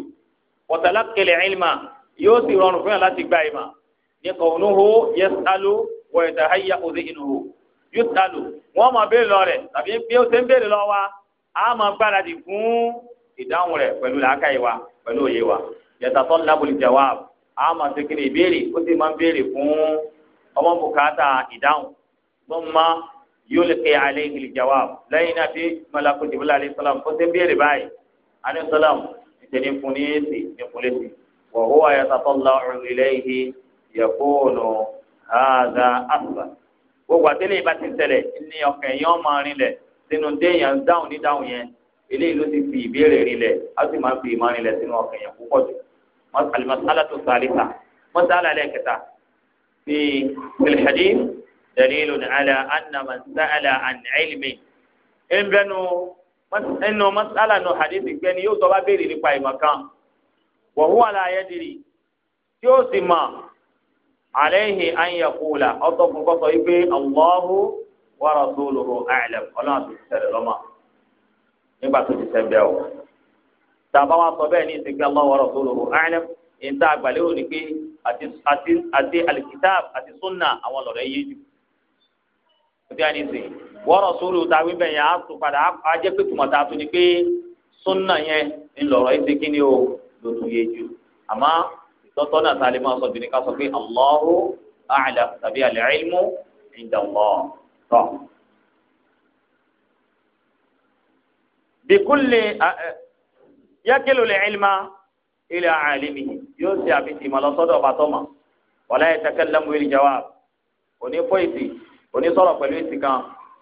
wọ̀tàlá kẹlẹ ìlmà yóò sì rọrùn fún yàn láti gba ìmọ̀ ní kọ̀ọ̀nùhó yẹsàlú wọ̀yẹ̀dà hayà òde ìnùhó yẹsàlú wọ́n máa béèrè lọ rẹ̀ tàbí bí ó ṣe ń béèrè lọ wa á máa gbáradì fún ìdáhùn rẹ̀ pẹ̀lú làákàyè wa pẹ̀lú òye wa yẹtàtọ́ lábòlì jawab á máa ṣe kiri ìbéèrè ó sì máa ń béèrè fún ọmọ bùkátà ìdáhùn gbọ́n máa yulqi alayhi al-jawab lẹ́yìn náà tí malaku jibril alayhi salam kó ṣe béèrè báyìí alayhi salam ìṣe ní fún ní èsì ní fún lẹ́sì wa huwa yatatallaru ilayhi yakunu hadha asba gbogbo àtẹlẹ ìbá ti ṣẹlẹ̀ ní ọkàn yẹn ọmọ rinlẹ̀ sínú déèyàn dáhùn ní dáhùn yẹn eléyìí ló ti fi ìbéèrè rinlẹ̀ á sì máa fi ìmọ̀ rinlẹ̀ sínú ọkàn yẹn púpọ̀ jù al-mas'alatu thalitha mas'ala lẹ́kẹta fi fil hadith. دليل على أن من سأل عن علم إن بنو إنه مسألة إنه حديث بني يوسف أبيري لقاي مكان وهو لا يدري يوسف ما عليه أن يقول أطف قصيب الله ورسوله أعلم ولا تسأل لما نبقى تسأل tàbá wa sọ bẹ́ẹ̀ ní ìsìnkú Allah wa rasuluhu a'lam ìta àgbàlérò ni pé àti bí a ní sè wa rasulu tàwí bẹ́ẹ̀ yẹn á tún padà á jẹ́ pé tùmọ̀ tá a tún ni pé sunna yẹn ńlọrọ̀ ẹ̀ ṣe kí ni o ló tún yé ju àmọ́ ìtọ́tọ́ náà tá a lè máa sọ bìnrin sọ pé Allahu a'lam tàbí al-ilmu inda Allah tọ́. bikulli yakilu al-ilma ila alimihi yóò ṣe àfihàn ìmọ̀lọ́sọ́dọ̀ bàtọ́ mọ̀ wala yatakallamu bil jawab òní fọ́ ìsìn onísọ̀rọ̀ pẹ̀lú èsì kan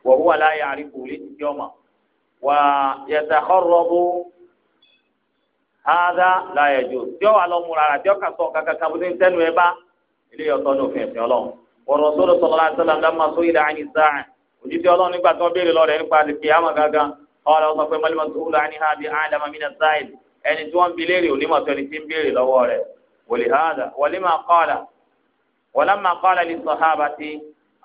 wọ̀ hùwà láyà àríkù létí tí ọmọ wà yẹsẹ̀ ọ̀rọ̀bù hádà láyà jù tí ó wà lọ múra rà tí ó kà sọ kankan kan bóde sẹ́nu ẹ bá ilé ọ̀tọ́ ní òfin ẹ̀sìn ọlọ́run wọ̀rọ̀ sọ́dọ̀ sọ̀rọ̀ láti sọ́dọ̀ lámà sórí ilẹ̀ àyìn sáà òjijì ọlọ́run nígbà tó béèrè lọ́rẹ̀ nípa àdìpé àmà gángan ọ̀rọ̀ sọ pé mọ́lẹ́mọ́ tó wúlò àní hábi àdàmà mí ẹni tí wọ́n ń bi léèrè onímọ̀ tó ẹni tí ń béèrè lọ́wọ́ rẹ̀ wòlíhàdà wòlímà kọ́ọ̀là wòlámà kọ́ọ̀là ní sọ̀hábàtì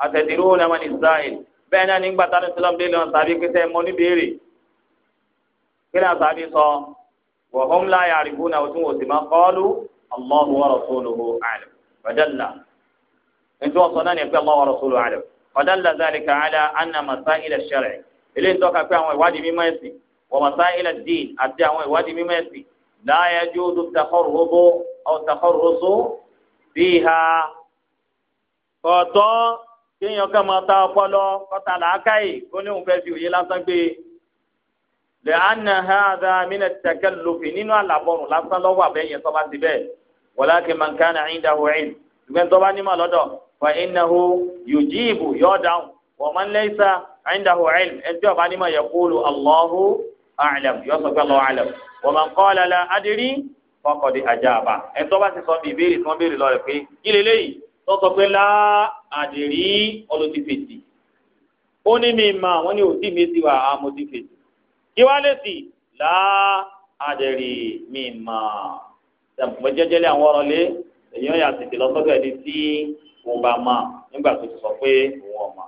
àtẹ̀dìrú ọ̀nà wọn ní israel bẹ́ẹ̀ náà nígbà tá ní sílọ́m délé wọn sàbí pété mọ́ ní béèrè kí náà sàbí sọ wọ́n hóm láyà àrìbú náà wọ́n tún wò sí máa kọ́ọ́lù allahu wa rasuluhu alam fadalla nítorí wọn sọ náà ní pé allahu wa rasuluhu alam fadalla zalika ala anna masail ash-shar'i ilé ń pé àwọn ìwádìí mímọ́ ẹ̀sìn wa masail ad-din àti àwọn ìwádìí mímọ́ ẹ̀sìn la yajuzu at-takharrubu aw kéèyàn ká máa ta ọpọlọ kọta làákàyè kó ní òun fẹ́ fi òye lásán gbé e lè ànà hàdà mínà tẹkẹ lófin nínú àlàbọrùn lásán lọ́wọ́ àbẹyẹn sọba ti bẹ́ẹ̀ wọlé kí mankana ẹyìndà wẹẹyìn ṣùgbọ́n tọba ní ma lọ́dọ̀ wà ìnáwó yòjìbù yọ dáhùn wọn máa ń lẹsà ẹyìndà wẹẹyìn ẹtí ọba ní ma yẹ kúlù allahu alam yọ sọ pé allahu alam wọn máa ń kọ́ ọ̀lẹ́lẹ́ adìrí fọkọ̀ di àjàbà ẹtọ́ bá ti sọ bí ìbéèrè tí wọ́n béèrè lọ rẹ̀ pé kí lélẹ́yìí tó sọ pé láà àdìrí ọlọ́tí fèsì ó ní mi mà wọ́n ní òtí mi sí wa àmọ́ ti fèsì kí wá lè sì là àdìrí mi mà ṣàpùpẹ́ jẹ́jẹ́lẹ́ àwọn ọ̀rọ̀ lé èyí wọ́n yà tètè lọ sọ́dọ̀ ẹni tí kò bá mà nígbà tó sọ pé òun ọ̀mà.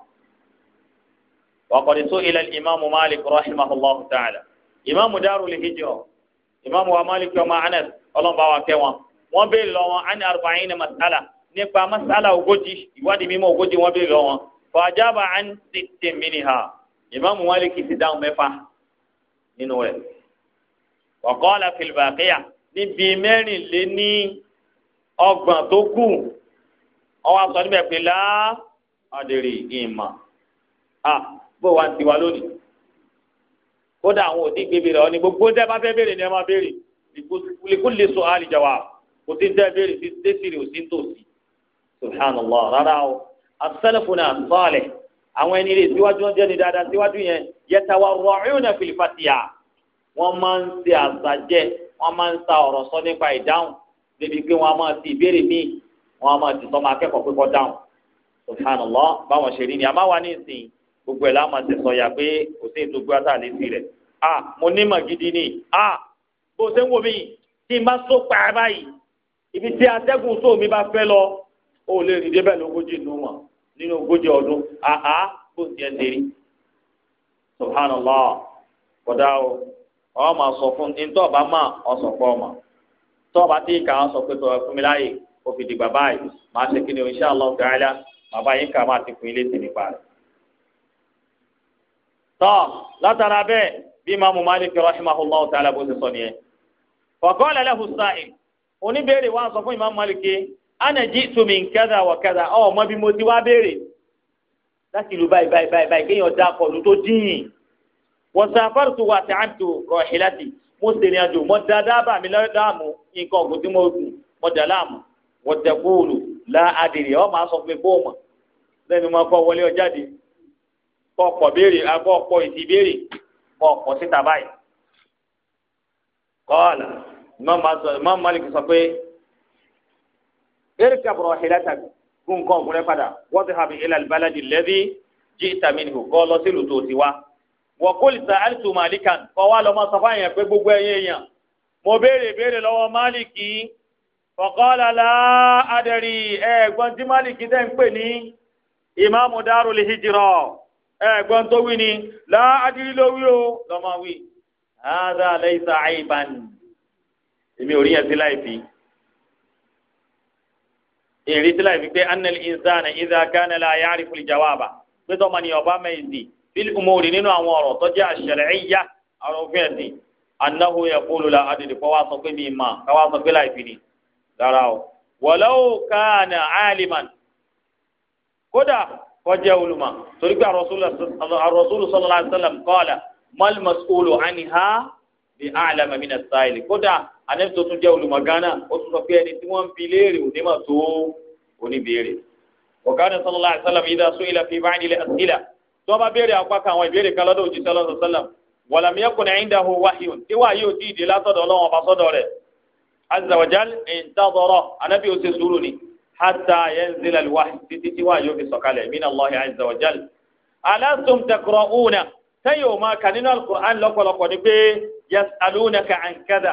وقد سئل الإمام مالك رحمه الله تعالى إمام دار الهجرة إمام مالك وما أنس الله بارك وان وبيل لهم عن أربعين مسألة nípa masala ogójì ìwádìí mímọ́ ogójì wọn béèrè wọn fàjábà à ń tètè mìnìhà ìmáàmù Málíkì ti dáhùn mẹ́fà nínú rẹ̀ wàkọ́lá fìlìbàkìyà níbi mẹ́rìnléní ọgbọ̀n tó kù ọwọ́ àtọ́ níbẹ̀ pé lá ọ̀dẹ̀rì ìmọ̀ à bó wa ń tiwa lónìí kódà àwọn òdì gbèbèrè ọ ní gbogbo ń dẹ́ba fẹ́ béèrè ni ẹ máa béèrè lìkú lè sọ àlìjàwà kò sí ń dẹ́ béèrè sí sí ń tòsí سبحان الله o asálẹ̀fúnà صالح àwọn ẹni rè síwájú wọn jẹ́ni dáadáa síwájú yẹn yẹtawa rọ̀ọ́yúnà fìlìfàtìyà wọ́n máa ń ṣe àṣàjẹ́ wọ́n máa ń sa ọ̀rọ̀ sọ nípa ìdáhùn débi pé wọ́n á máa ti ìbéèrè míì wọ́n á máa ti sọmọ akẹ́kọ̀ọ́ pé kọ́ dáhùn subhanallah báwọn ṣe rí ni àmọ́ wa ní ìsìn gbogbo ẹ̀ láwọn ti sọ ya pé kò sí ètò gbé ata létí rẹ̀ a mo ní mọ̀ gidi ni a bó ṣe ń wò mí tí n bá sọ pààyà báyìí ibi tí atẹ́gùn sóò mi bá fẹ́ lọ ó lè rìn débẹ̀ lógójì nù wọn nínú ogójì ọdún àhá kò tiẹ̀ lérí subhanallah kódà o ọ ma sọ fún ní tọ́ ọba máa ọ sọ pé ọmọ tọ́ ọba tí kà á sọ pé tọ́ fún mi láàyè kò fi dìgbà báyìí màá ṣe kí ni insha Allah ta'ala bàbá yín kà máa ti fún ilé tì rẹ̀. tọ́ látara bẹ́ẹ̀ bí Imaamu Malik rahimahullah ta'ala bó ṣe sọ nìyẹn. fa qala lahu oníbèrè wa sọ fún Imaamu Malik ana ji'tu min kaza wa kaza ọ mọ bí mo ti wá béèrè láti ìlú báyìí báyìí báyìí báyìí kéèyàn dá akọ lu tó dín wa safartu wa ta'antu rahilati mo ṣèrìn àjò mo da dábàá mi láàmú nǹkan ọ̀gùn tí mo gùn mo dà láàmú wa taqulu la adri ọ máa sọ fún mi kó mọ̀ lẹ́nu máa kọ́ wọlé ọ jáde kọ́ ọ̀pọ̀ béèrè akọ́ ọ̀pọ̀ ìtì béèrè kọ́ ọ̀pọ̀ síta báyìí kọ́ọ̀là Imam Malik sọ pé erika bọrọ hilata gun kan kun rẹ padà wọsi habi ilal baladi lẹbi ji taminihu kọ lọ sílùú tó ti wá. wọkólisa alitu malikan kọ wa lọ ma sọ fún àyàn pé gbogbo ẹyẹ yàn mo béèrè béèrè lọ́wọ́ maliki fọkọlá la adẹrì ẹ̀gbọ́n tí maliki tẹ ń pè ní imaamu darul hijira ẹ̀gbọ́n tó wí ni la adiri ló wí o lọmọ wí. hada laysa aiban èmi ò rí yẹn sí láì fi èrè tí láì fi pé anel insana idha kana la ya'rifu al-jawaba pé tọ́mọ ni ọba mẹ́yìndì fílì umori nínú àwọn ọ̀rọ̀ tó jẹ́ ash-shar'iyya ọ̀rọ̀ òfin ẹ̀sìn annahu yaqulu la adri kọ́ wa sọ pé mi mà kọ́ wa sọ pé láì fi ni rárá o walau kana aliman kódà kọjá olùmọ̀ torí pé ar-rasulu sallallahu alaihi wasallam qala bí àlàmà mí náà sáìlì kódà anẹ́bí tó tún jẹ́ olùmọ̀gánà ó tún sọ pé ẹni tí wọ́n ń bi léèrè òní mà tó oníbèèrè. ọ̀gáàdì sallallahu alaihi wasallam idha su'ila fi ba'di al-as'ila tí wọ́n bá béèrè apá kan àwọn ìbéèrè kan lọ́dọ̀ òjì sallallahu alaihi wasallam walam yakun 'indahu wahyun tí wàá yóò ti ìdè látọ̀dọ̀ ọlọ́wọ́n ọba sọ́dọ̀ rẹ̀ azza wa jal intadara anabi ó ṣe sùúrù ni hatta yanzila al-wahyu títí yasalunaka an kada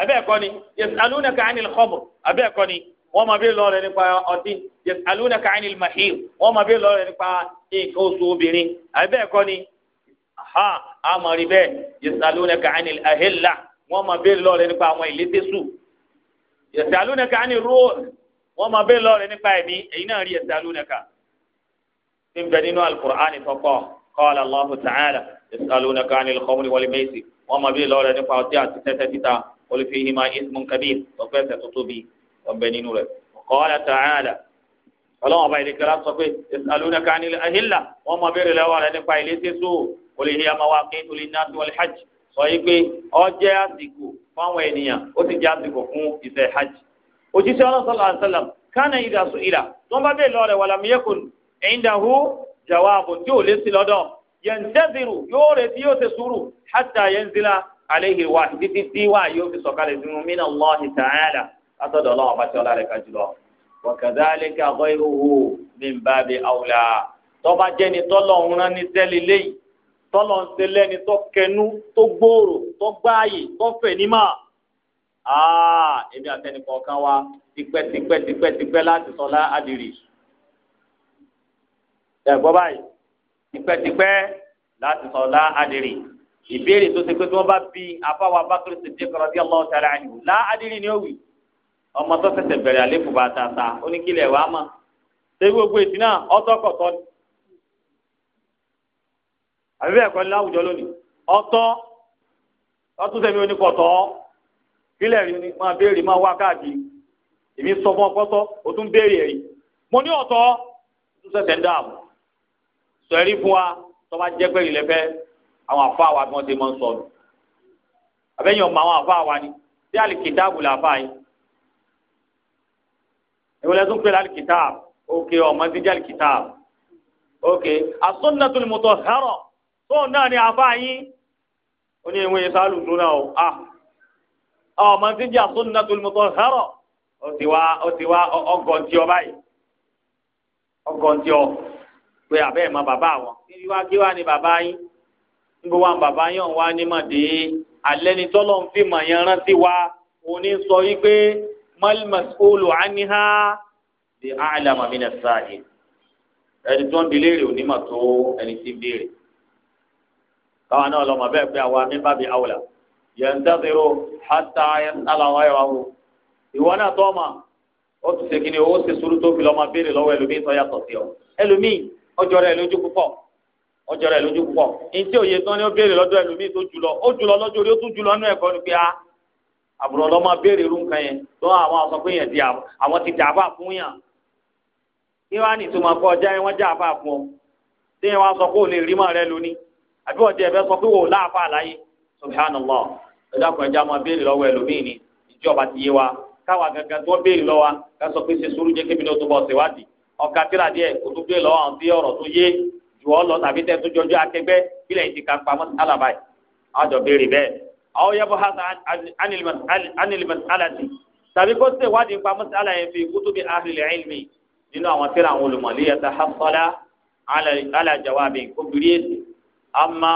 abẹ ẹkọ ni yasalunaka anil khamr abẹ ẹkọ ni wọn máa bẹ lọrẹ nípa ọtí yasalunaka anil mahir wọn máa bẹ lọrẹ nípa nǹkan oṣù obìnrin abẹ ẹkọ ni ha amọ̀rin bẹ́ẹ̀ yasalunaka anil ahilla wọn máa bẹ lọrẹ nípa àwọn ìlétésù yasalunaka anil ruh wọn máa bẹ lọrẹ nípa ẹ̀mí èyí náà rí yasalunaka tí bẹ nínú alukur'ani tọkọ qala Allahu ta'ala yas'alunaka 'anil khamri wal maisir wọ́n máa bí lọ́rẹ̀ nípa ọtí àti tẹ́tẹ́ títa qul fihima ismun kabir ọ̀pẹ́ ẹ̀sẹ̀ tó tóbi ọ̀bẹ nínú rẹ̀ qala ta'ala ọlọ́wọ́n ọba ìdíkẹ́ láti sọ pé yas'alunaka 'anil ahilla wọ́n máa bí lọ́rẹ̀ nípa ilé tẹ́sù qul hiya mawaqitu linnasi wal hajj sọ yìí pé ó jẹ́ àsìkò fún àwọn ènìyàn ó sì jẹ́ àsìkò fún iṣẹ́ hajj òjíṣẹ́ ọlọ́sọ̀lá àṣàlám kánà ìdásù ìlà tí wọ́n bá bẹ̀ lọ́rẹ̀ wàlámiyẹ́kùn ẹ̀yìn dàhú jawaabu tí ò lè sí lọ́dọ̀ yẹnjẹ́bìrù yóò retí yóò ṣe sùúrù hàtà yẹnzila àlehi wa títí tí wà yóò fi sọ̀kalẹ̀ sínú mina Allahi ta'ala látọ̀dọ̀ ọlọ́wọ́ bá ti ọlá rẹ̀ ká jùlọ. wa kadhalika ghayruhu min babi awla tọ́ba jẹ́ni tọ́lọ̀ ń rán ní tẹ́lẹ̀ léyìí tọ́lọ̀ ń ṣe lẹ́ni tó kẹnu tó gbòòrò tó gbáàyè tó fẹ̀ nímà. èmi àtẹnìkọ̀ọ̀kan wa tipẹ́tipẹ́tipẹ́tipẹ́ láti sọ ẹ̀gbọ́n báyìí tipẹ́tipẹ́ láti sọ lá adìrì ìbéèrè tó ṣe pé tí wọ́n bá bí afáwa bákúrò ṣèṣe kọ̀rọ̀ bí ọlọ́run tẹ̀lé àyù lá adìrì ni ó wì ọmọ tó ṣẹ̀ṣẹ̀ bẹ̀rẹ̀ àléfù bá tata ó ní kílẹ̀ wàá mọ̀ ṣé gbogbo èsì náà ọtọ́kọ̀tọ́ ni àbí bẹ́ẹ̀ kọ́ ni láwùjọ lónìí ọtọ́ ọtún tẹ̀mí oníkọ̀tọ́ kílẹ̀ rí ni máa béèrè máa wá káàkiri èmi sọ fún ọkọ́tọ́ o tún béèrè rí mo ní ọ̀tọ́ tún ṣẹ̀ṣẹ̀ ń dáàbò sọ̀rí fún wa tó bá jẹ́ pé ìlẹ́fẹ́ àwọn àfa wa bí wọ́n ti máa ń sọnù àbẹ́yìn ọmọ àwọn àfa wa ni tí alìkìtàbù là fà yín ìwọlẹ́ tún pè lálìkìtàbù ókè ọmọ ti jẹ́ alìkìtàbù ókè as-sunnatul mutahhara tóun náà ni àfa yín ó ní ìwé sálù lónà o ah, ọmọ ti jẹ́ as-sunnatul mutahhara ó ti wá ọgọ́ntì ọ báyìí ọgọ́ntì ọ pé àbẹ́ ẹ̀ mọ bàbá àwọn níbi wá kí wá ní bàbá yín níbo wá ní bàbá yín ọ̀hún wá ní mọ̀dé alẹ́ ni tọ́lọ̀ ń fi mọ̀ yẹn rántí wa òní sọ yí pé mọ́lmọ́sọ́lù àníhá di àlàmà mi náà sáàyè ẹni tó ń bi òní mọ̀ tó ẹni tí ń béèrè káwa náà lọ́mọ bẹ́ẹ̀ pé àwa mi bá bi àwòlà yẹn ń dẹ́sẹ̀rọ yẹn ń tàlà wáyọ̀ ìwọ náà tọ́ ma ó ti ṣe kí ni ó ṣe sùúrù tó fi lọ́mọ béèrè lọ́wọ́ ẹlòmíì sọ yàtọ̀ sí ọ ẹlòmíì ọjọ́ rẹ̀ lójú púpọ̀ ọjọ́ rẹ̀ lójú púpọ̀ ntí òye tán ni ó béèrè lọ́dọ̀ ẹlòmíì tó jùlọ ó jùlọ lọ́jọ́ orí ó tún jùlọ nú ẹ̀kọ́ ni pé a ah, àbúrò ọlọ́mọ béèrè irú nǹkan yẹn tó àwọn àwọn sọ pé yẹn di àwọn ti dàbà fún yàn kí wọ́n á ní kọ ọjà yẹn wọ́n já àbá fún ọ tí yẹn wọ́n sọ pé ò lè rí mọ́ rẹ lóní àbí wọ́n ti ẹ̀fẹ́ sọ pé wò láàfà láyé subhanallah ẹ̀dá kan ẹja máa béèrè lọ́wọ́ ẹlòmíì ni ọ̀ka tíra díẹ̀ kó tó gbé lọ́wọ́ àwọn tí ọ̀rọ̀ tó yé jù ọ́ lọ tàbí tẹ́ tó jọjọ́ akẹgbẹ́ bílẹ̀ yìí ti ka pamọ́ sálàbà yìí àjọ béèrè bẹ́ẹ̀. àwọn yẹ́bù hàtà ánìlìmọ̀tì alàdì tàbí kó ṣe wádìí pamọ́ sálà yẹn fi kútùbí ahlil ilmi nínú àwọn tíra àwọn olùmọ̀lẹ́ yẹn ta hasọ́lá alàjàwábì kó bìrì èsì àmà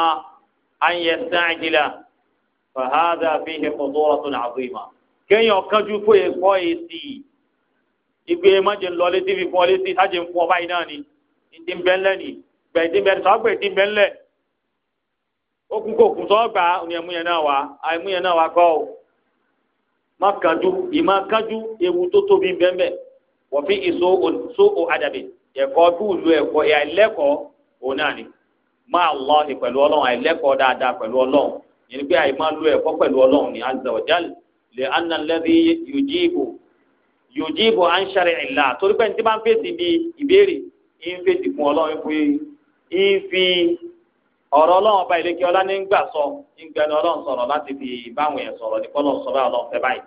ànyẹ sáàjìlá fàhádà fíhì kòtòrò tó nà àzìmà kéèyàn kánjú fóye kọ́ èsì yìí ìgbé mọ́jẹ̀ ń lọlé tíbi fún ọ létí sájẹ̀ ń fún ọ báyìí náà ni ìdí ń bẹ́ ńlẹ̀ ni gbẹ̀dí bẹ́ẹ̀ sọ gbẹ̀ ìdí ń bẹ́ ńlẹ̀ okùn kò kùn sọ́ọ́ gbà ní náà wá àìmú náà wá kọ́ ọ má kánjú ìmá kánjú ewu tó tóbi bẹ́ẹ̀ wọ́n fi ìso o àdàbì ẹ̀kọ́ bí ìlú ẹ̀kọ́ ẹ̀ àìlẹ́kọ̀ọ́ òun náà ni máa lọ pẹ̀lú ọlọ́run àìlẹ́kọ̀ọ́ yòjìbò à ń ṣàrẹ̀ ìlà torí pé ní tí bá ń fèsì bí ìbéèrè ń fèsì fún ọlọ́run fún yìí ń fi ọ̀rọ̀ ọlọ́run ọba ìlẹ́kẹ́ ọlá ní gbà sọ ń gbẹnu ọlọ́run sọ̀rọ̀ láti fi báwọn yẹn sọ̀rọ̀ ní kọ́lọ́ sọ báyìí ọlọ́run fẹ́ báyìí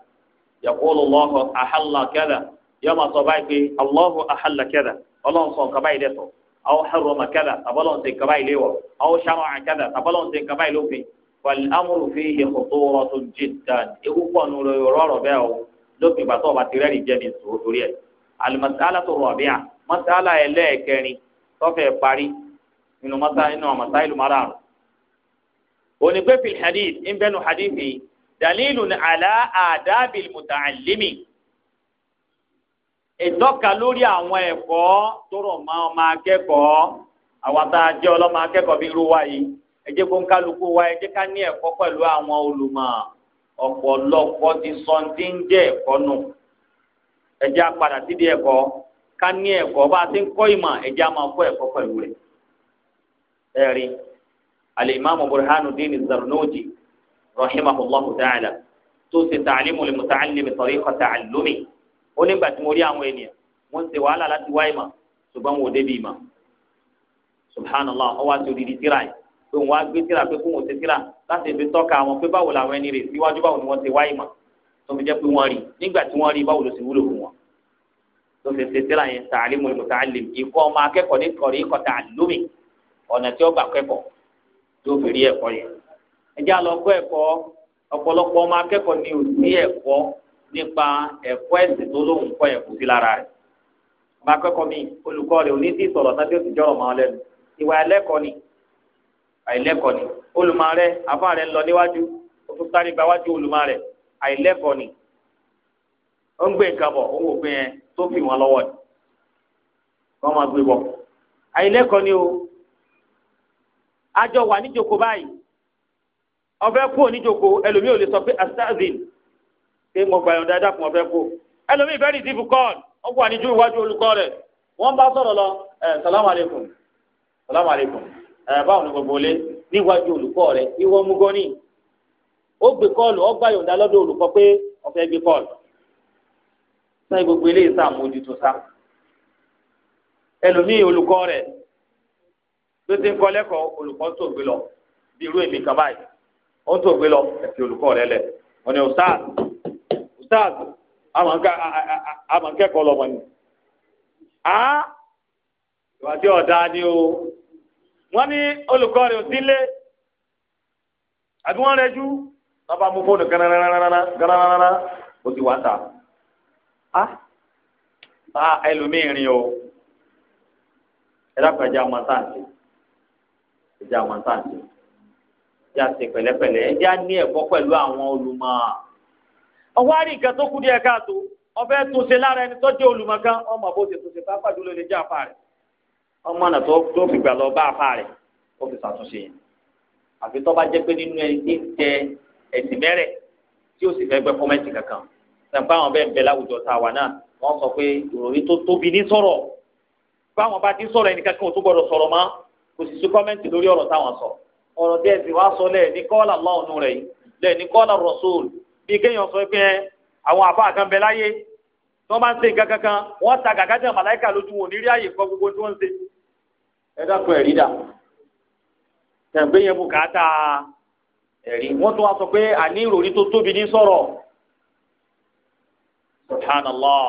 yaqulu Allahu ahalla kada yọ máa sọ báyìí pé Allahu ahalla kada ọlọ́run sọ nǹkan báyìí dẹ́tọ̀ aw harrama kada tàbọ́lọ́run ṣe nǹkan báyìí léwọ̀ aw shara'a kada tàbọ́lọ́run ṣe nǹkan báyìí lófin wal amru fihi khuturatun jiddan ewu pọ̀ nù lórí ọ̀rọ̀ lópin ìgbà tó ọba ti rẹ́rìn jẹ́ mi sòwò torí ẹ̀ alimasala tó rọ̀ bíà masala ẹlẹ́ẹ̀kẹrin tọ́fẹ̀ parí nínú masala márààrún. onígbé fi hadith ìbẹ́nu hadith yìí dalilu ala adabil muta'allimi ìtọ́ka lórí àwọn ẹ̀kọ́ tó rọ̀ mọ́ ọmọ akẹ́kọ̀ọ́ àwọn a ọlọ́mọ akẹ́kọ̀ọ́ bí irú wa yìí kó ń kálukú ká ní ẹ̀kọ́ pẹ̀lú àwọn ọ̀pọ̀lọpọ̀ ti sọ ti ń jẹ́ ẹ̀kọ́ nù ẹ̀jẹ̀ apàdà síbi ẹ̀kọ́ ká ní ẹ̀kọ́ bá a ti ń kọ́ ìmọ̀ ẹ̀jẹ̀ a máa kọ́ ẹ̀kọ́ pẹ̀lú rẹ̀ ẹ̀rí alimami burhanuddin zarnoji rahimahullahu ta'ala tó ṣe tàlímù lè mùtàlímù tariqa ta'allumi ó nígbà tí mo rí àwọn ènìyàn wọ́n ṣe wàhálà láti wá ìmọ̀ ṣùgbọ́n wò débi ìmọ̀ subhanallah ọwọ́ àti odidi tíráyì pé òun wá gbé tíra pé kóun ò ṣe tíra láti fi tọ́ka àwọn pé báwo làwọn ẹni rè síwájú báwo ni wọ́n ti wá ìmọ̀ tó fi jẹ́ pé wọ́n rí nígbà tí wọ́n rí báwo ló sì wúlò fún wọn. tó fi ṣe tíra yẹn ta'limul muta'allim ìkọ́ ọmọ akẹ́kọ̀ọ́ ní kọ̀rí ìkọ̀ ta'allumi ọ̀nà tí ó gbà kẹ́kọ̀ọ́ tó fi rí ẹ̀kọ́ yẹn. ẹ já lọ kọ́ ẹ̀kọ́ ọ̀pọ̀lọpọ̀ ọmọ akẹ́kọ̀ọ́ ni nípa ẹ̀kọ́ ẹ̀sìn tó lóun kọ́ ẹ̀kú sí lára rẹ̀ ọmọ akẹ́kọ̀ọ́ mi olùkọ́ rẹ̀ onídìí sọ̀rọ̀ náà tí ó ti jọ̀rọ̀ lẹ́nu ìwà ẹlẹ́kọ̀ọ́ ni àìlẹ́kọ̀ọ́ ni olùmọ̀ afọ afá ń lọ níwájú ó tún wájú olùmọ̀ àìlẹ́kọ̀ọ́ ni ó ń gbé nǹkan bọ̀ ó ń wò yẹn tó fi wọn lọ́wọ́ ni bọ̀ àìlẹ́kọ̀ọ́ ni o àjọ wà níjòkó báyìí ọbẹ̀ kú oníjòkó ẹlòmíì ò lè sọ pé mo gbà yọ̀ǹda kú ẹlòmíì ẹ eh, báwo ni gbogbo lé níwájú olùkọ́ rẹ ìwọ mú gan ni ó gbé kọ́ọ̀lù ọgbà yọ̀ǹda lọ́dọ̀ olùkọ́ pé ọ̀fẹ́ gbé kọ́ọ̀lù sáyé gbogbo eléyìí sá mójútó sá ẹlòmíì olùkọ́ rẹ ló ti ń kọ́ lẹ́kọ̀ọ́ olùkọ́ tó gbé lọ bí irú èmi kan báyìí ó tó gbé lọ ẹ̀sìn olùkọ́ rẹ lẹ̀ wọ́n ni. ìwà tí ọ̀dà ni o. wọ́n ní olùkọ rẹ̀ ò sílé àbí wọ́n rẹjú wọ́n bá mú fóònù gánanánánánánánánánánán ó ti wá ta bá o ẹ dákun ẹjẹ àwọn sáǹtì ẹjẹ ya sáǹtì ẹjẹ ya ní ẹ̀kọ́ pẹ̀lú àwọn olùmọ ọwọ́ àrí nǹkan tó kú díẹ̀ káàtó ọbẹ̀ tó ṣe lára ẹni tó jẹ́ olùmọ̀ kan ọmọ bó ṣe tó ṣe ọmọ ọ̀nà tó fi gbà lọ bá apá rẹ̀ ó fi ṣàtúnṣe yẹn àfi tó bá jẹ́ pé nínú ẹni tí ń tẹ ẹ̀sìn mẹ́rẹ̀ tí ó sì fẹ́ gbẹ́ kọ́mẹ́ǹtì kankan sàǹpá àwọn bẹ́ẹ̀ ń bẹ láwùjọ tá a wà náà wọ́n sọ pé ìròyìn tó tóbi ní sọ̀rọ̀ báwọn bá ti sọ̀rọ̀ ẹnìkan kan ò tó gbọ́dọ̀ sọ̀rọ̀ mọ́ kò sì sí kọ́mẹ́ǹtì lórí ọ̀rọ̀ táwọn sọ ọ̀rọ̀ tí ẹ̀sìn wá sọ lẹ́ẹ̀ni kọ́ọ̀là lọ́ọ̀nù rẹ̀ lẹ́ẹ̀ni kọ́ọ̀là rọ̀sọ́ọ̀l bí kéèyàn sọ pé àwọn àfáà kan bẹ láyé tí wọ́n bá ń ṣe nǹkan kankan wọ́n ta gàgádàn màláìkà lójú wọn nírí àyè kọ́ gbogbo tí wọ́n ń ṣe ẹ dákun ẹ̀rí dà tẹ̀gbẹ́ yẹn bùkátà ẹ̀rí wọ́n tún wá sọ pé àní ìròrí tó tóbi ní sọ̀rọ̀ subhanallah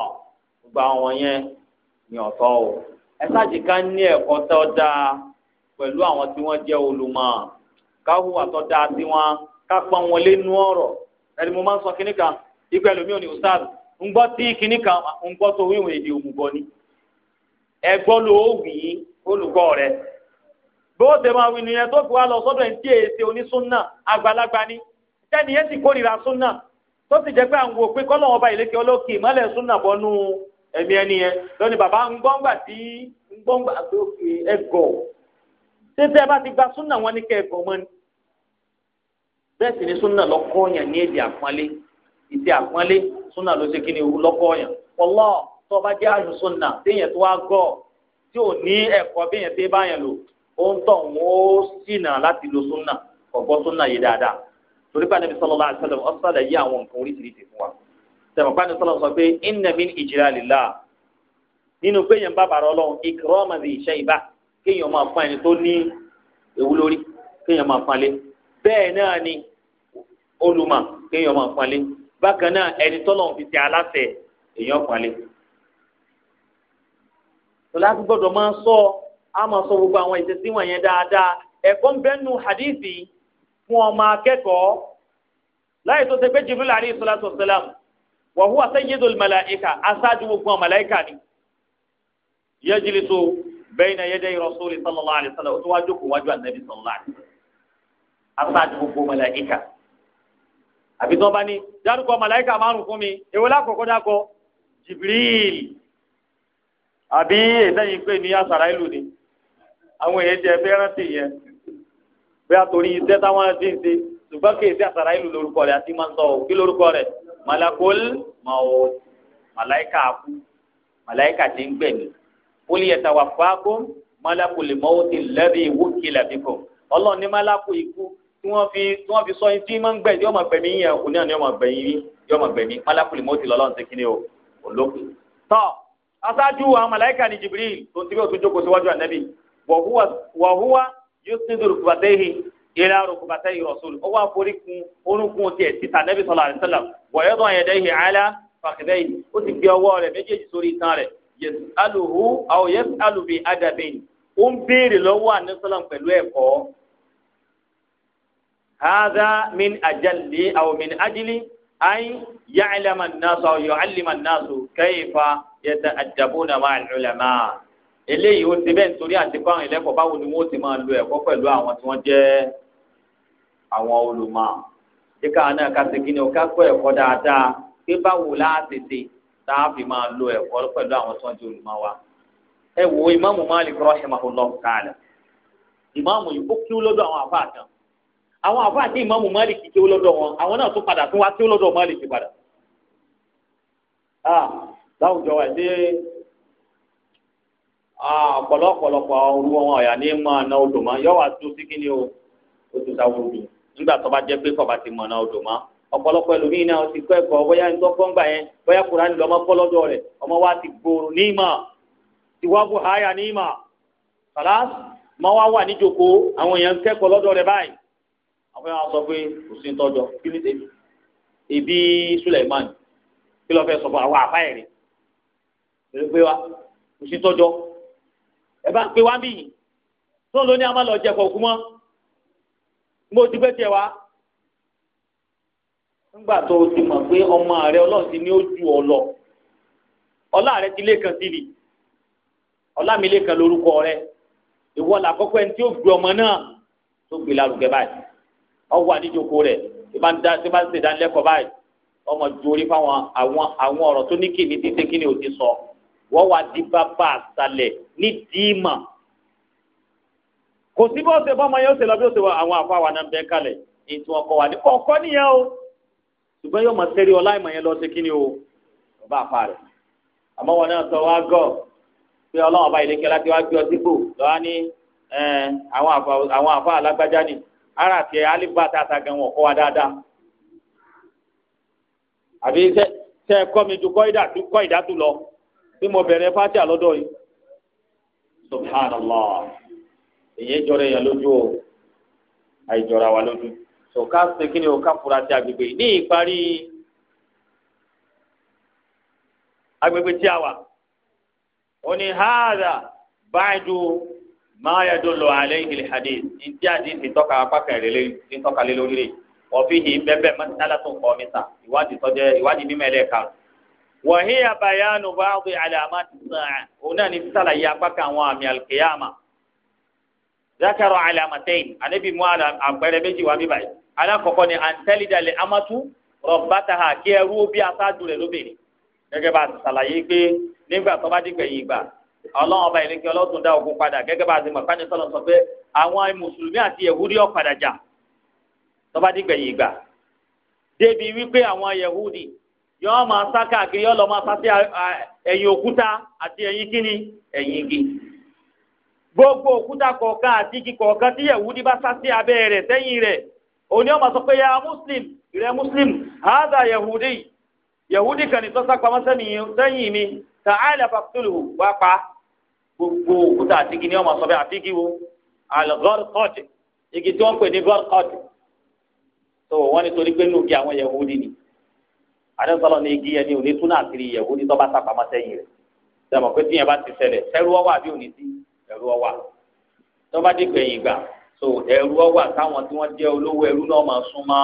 gbogbo yẹn ni ọ̀tọ̀ o ẹ sáàjì ká ní ẹ̀kọ́ tó dáa pẹ̀lú àwọn tí wọ́n jẹ́ olùmọ̀ káhùwà tó dáa sí wọn ká wọn lé ọ̀rọ̀ ẹni mo máa ń sọ kínní kan ní ń ni olùkọ́ rẹ̀ bó ṣe máa wí nìyẹn tó fi wá lọ sọ́dọ̀ ẹ̀ tí èsì onísúnà àgbàlagbà ni tẹ́ni yẹn ti kórìíra súnà tó sì jẹ́ pé à ń wo pé kọ́lọ́ ọba ìlékè olókè ìmọ̀lẹ̀ súnà bọ́nú ẹ̀mí ẹni lọ́ni bàbá ń gbọ́ngbà tí ń gbọ́ngbà tó ti gba súnà wọn ní kẹ́ mọ́ ni bẹ́ẹ̀ sì ni súnà lọ́kọ́ yàn ní èdè àpọ́nlé àpọ́nlé súnà ló ṣe kí ni lọ́kọ́ tí ò ní ẹ̀kọ́ bí yẹn ti bá yẹn lò ó ń tọ̀ wọ́n ó ṣìnà láti lo súnà ọ̀gbọ́ súnà yìí dáadáa torí pé anabi sọlọ́lá àṣẹlẹ̀ ọ̀ṣọ́lẹ̀ yí àwọn nǹkan oríṣiríṣi fún wa tẹ̀mọ̀ pé anabi sọlọ́lá sọ pé inna min ijlalillah nínú pé yẹn bá bàrà ọlọ́run ikrama dhi shayba kéèyàn máa fún ẹni tó ní ewu lórí kéèyàn máa fún alé bẹ́ẹ̀ náà ni olùmọ̀ kéèyàn máa fún alé bákan náà ẹni tọ́lọ́run sọlá tó gbọ́dọ̀ máa sọ á máa sọ gbogbo àwọn ìṣesí wọ̀nyẹn dáadáa ẹ̀kọ́ ń bẹ nu hadithi fún ọmọ akẹ́kọ̀ọ́ láyé tó ṣe pé jibril alayhi salatu wa salam wa huwa sayyidul malaika aṣáájú gbogbo àwọn malaika ni yajlisu bayna yaday rasuli sallallahu alayhi wa sallam ó tó wá jókòó wájú ànábì sallallahu alayhi wa sallam aṣáájú gbogbo malaika àbí tí wọ́n bá ní dárúkọ malaika márùn fún mi èwo lákòókò dákọ jibril àbí ètẹ́yìn pé ní àṣàrà ìlú ni àwọn èèyàn jẹ fẹ́ràn sí yẹn bí a torí iṣẹ́ táwọn ti ń ṣe ṣùgbọ́n kì í ṣe ìlú lórúkọ rẹ̀ àti máa ń sọ ọ́ kí lórúkọ rẹ̀ malakol maot malaika akú malaika ti ń gbẹ̀mí qul yatawaffakum malakul maut alladhi wukila bikum ọlọ́run ní malaku ikú tí wọ́n fi tí wọ́n fi sọ yín tí máa ń gbẹ̀ yọ́ máa gbẹ̀mí yẹn òun náà ni yọ́ máa gbẹ̀mí yọ́ máa gbẹ̀mí malakul maut lọ́lọ́run ti kíni o òun tọ́ aṣáájú àwọn màláìka ni Jibril tó ń tibí òtún jókòó síwájú ànábì wa huwa yusnidu rukbatayhi ila rukbatayhi rasul ó wá forí kun orúnkún tiẹ̀ síta ànábì sallallahu alaihi wasallam wa yadu yadayhi ala fakhidayhi ó ti gbé ọwọ́ rẹ̀ méjèèjì sórí itan rẹ̀ yas'aluhu aw yas'alu bi adabin ó ń béèrè lọ́wọ́ ànábì sallam pẹ̀lú ẹ̀kọ́ هذا من أجل أو من أجل أن يعلم الناس أو يعلم الناس كيف yẹta àjàbọ̀nà máa lọ́lẹ̀ máa eléyìí ó ti bẹ́ẹ̀ nítorí àti fáwọn ẹlẹ́kọ̀ọ́ báwo ni wọ́n ti máa lo ẹ̀kọ́ pẹ̀lú àwọn tí wọ́n jẹ́ àwọn olùmọ̀ kíkà náà ká ṣe kíni o ká ẹ̀kọ́ dáadáa pé báwo láàtètè tá a fi máa lo ẹ̀kọ́ pẹ̀lú àwọn tí wọ́n jẹ́ olùmọ̀ wa ẹ wo ìmáàmù Malik rahimahullah ta'ala ìmáàmù yìí ó kí ó lọ́dọ̀ àwọn àfáà kan àwọn àfáà láwùjọ wa ṣé ọ̀pọ̀lọpọ̀lọpọ̀ olú wọn ọ̀yà ní máa ná odò mọ́ yọ wá tó sí kíni o oṣù táwọn odò nígbà tó bá jẹ́ pé kọ̀ bá ti mọ̀ ná odò mọ́ ọ̀pọ̀lọpọ̀ ẹlòmíì náà ti kọ́ ẹ̀kọ́ bóyá ń tọ́ gbọ́ngbà yẹn bóyá kúránì lọ́mọ kọ́ lọ́dọ̀ rẹ̀ ọmọ wa ti gbòòrò ní ìmọ̀ ti wá bó háyà ní ìmọ̀ kàlá máa wá wà níjòkó àwọn èèyàn kẹ́kọ̀ọ́ lọ́dọ̀ rẹ̀ báyìí àwọn èèyàn sọ pé kò sí ń tọ́jọ kí ni tèmi ìbí Suleiman kí ló fẹ́ sọ fún àwọn àfáyẹ̀rẹ̀ èrè pé wa kò sí tọ́jọ́ ẹ bá ń pè wá mí yìí tó ń lo ní a máa lọ jẹ kọ̀ọ̀kú mọ́ mo ti gbé tiẹ̀ wá. nígbà tó o ti mọ̀ pé ọmọ rẹ ọlọ́run ti ní ó ju ọ lọ ọlá rẹ ti lẹ́ẹ̀kan sí ni ọlá mi lẹ́ẹ̀kan lórúkọ rẹ ìwọ làkọ́kọ́ ẹni tí ó gbé ọmọ náà tó gbé lárugẹ báyìí ọwọ́ àdíjoko rẹ̀ tí ń da tí bá ń ṣèdánilẹ́kọ̀ọ́ báyìí ọmọ ju orí fáwọn àwọn ọ̀rọ̀ tó ní kìíní títí kíní ò ti sọ wọ́n wá di bàbá àṣàlẹ̀ ní dìímà kò sí bí wọ́n ṣe bọ́mọ yẹn ó ṣe lọ bí ó ṣe wọ àwọn àfáwà náà bẹ́ẹ̀ kalẹ̀ èyí tí wọ́n kọ́ wa ní kọ̀ọ̀kọ́ nìyẹn o ṣùgbọ́n yóò máa ṣeré ọlá ìmọ̀ yẹn lọ sí kíni o bàbá àfa rẹ̀ àmọ́ wọn náà sọ wá gọ̀ pé ọlọ́run ọba ìlẹ́kẹ́ láti wá gbé ọtí bò lọ́wọ́ ní àwọn àfa alágbájá ni ara àti alígbà tá a ta gan wọn kọ́ wa dáadáa àbí tẹ́ mi ju kọ́ ìdá lọ pé mo bẹ̀rẹ̀ fátíà lọ́dọ̀ yìí subhanallah èyí jọra èèyàn lójú o àìjọra wa lójú tó ká ṣe kí ni o ká fura sí agbègbè ní ìparí agbègbè tí a wà ó ní hàdà báyìí máa yẹ dùn lọ àlẹ́ ìgbìlẹ̀ hadith ntí àdìs ti tọ́ka apákẹ́rẹ́ lé ti rẹ̀ wọ́n fi hì bẹ́ẹ̀ bẹ́ẹ̀ mọ́tálá tó ń kọ́ mi ta ìwádìí tọ́jẹ́ ìwádìí mímọ́ ẹlẹ́ẹ̀kan wàhíyà bayanu báàbí alamati sàn òun náà ní sàlàyé apá kan àwọn àmì alkiyama zakaro alamatain anabi mu àpẹẹrẹ méjì ni bá a ti sàlàyé pé nígbà tó bá dìgbẹ̀ yìí gbà ọlọ́run ọba ìrìnkì dá ogun padà bá a ti mọ̀ pé sọ́nà sọ pé àwọn mùsùlùmí àti jà tó bá yìí gbà débi wípé àwọn yọọ máa sá káàkiri yọọ lọ máa sá sí ẹ̀yìn òkúta àti ẹ̀yìn kíni ẹ̀yìn igi gbogbo òkúta kọ̀ọ̀kan àti igi kọ̀ọ̀kan tí yẹ̀wúdí bá sá sí abẹ́ rẹ̀ sẹ́yìn rẹ̀ òní ọmọ sọ pé ya muslim rẹ muslim haza yahudi yahudi kan ní sọ́sá pamọ́ sẹ́yìn mi ta'ala faqtuluhu wá pa gbogbo òkúta àti igi ní ọmọ sọ pé àti igi wo al-gharqad igi tí wọ́n pè ní gharqad tó wọ́n ní torí pé nù kí àwọn yahudi ni àdéhùnsọ́lọ́ ní igi ẹni òní tún náà kiri ìyẹ̀wò ní tọ́ba sápamọ́ sẹ́yìn rẹ̀ dàmọ̀ pé tíyẹn bá ti ṣẹlẹ̀ ẹrú ọwà bí òní sí ẹrú ọwà tọ́ba dé gbẹ̀yìn gbà so ẹrú ọwà táwọn tí wọ́n jẹ́ olówó ẹrú náà máa sún mọ́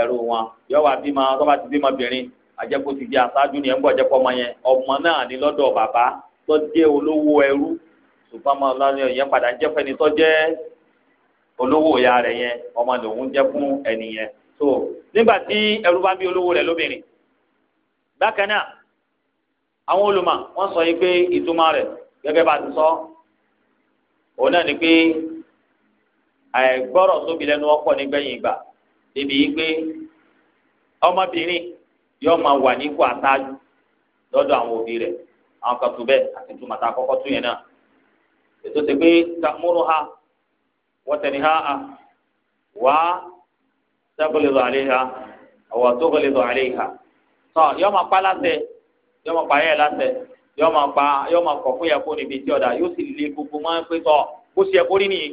ẹrú wọn yọ̀wà bímọ tọ́ba ti bímọ bìnrin àjẹkù ti di àṣáájú ni ẹ̀ ń bọ̀ jẹ́pọ̀ ọmọ yẹn ọmọ náà ní lọ́dọ̀ bàbá tó jẹ́ olówó ẹrú ṣùgbọ́n ọmọ ọlọ́run yẹn padà jẹ́ fẹ́ni tó jẹ́ olówó ìyá rẹ̀ yẹn so nígbà tí ẹrú bá bí olówó bákan náà àwọn olùmọ̀ wọn sọ yìí pé ìtumọ̀ rẹ̀ gẹ́gẹ́ bá ti sọ òun náà ni pé àìgbọ́rọ̀ sóbi lẹ́nu ọ̀pọ̀ nígbẹ̀yìn ìgbà débi yìí pé ọmọbìnrin yóò máa wà nípò àtàjù àwọn òbí rẹ àwọn kan tó àti yẹn náà ètò ti pé ha wọ́tẹ̀ni ha a wá ha àwọn ha. tọ yọọ máa pa láṣẹ yọọ máa pa yẹ láṣẹ yọọ máa pa yọọ máa kọ fún yẹ kó níbi tí ọ̀dà yóò sì lé gbogbo máa ń pé tọ bó ṣe yẹ kó rí nìyí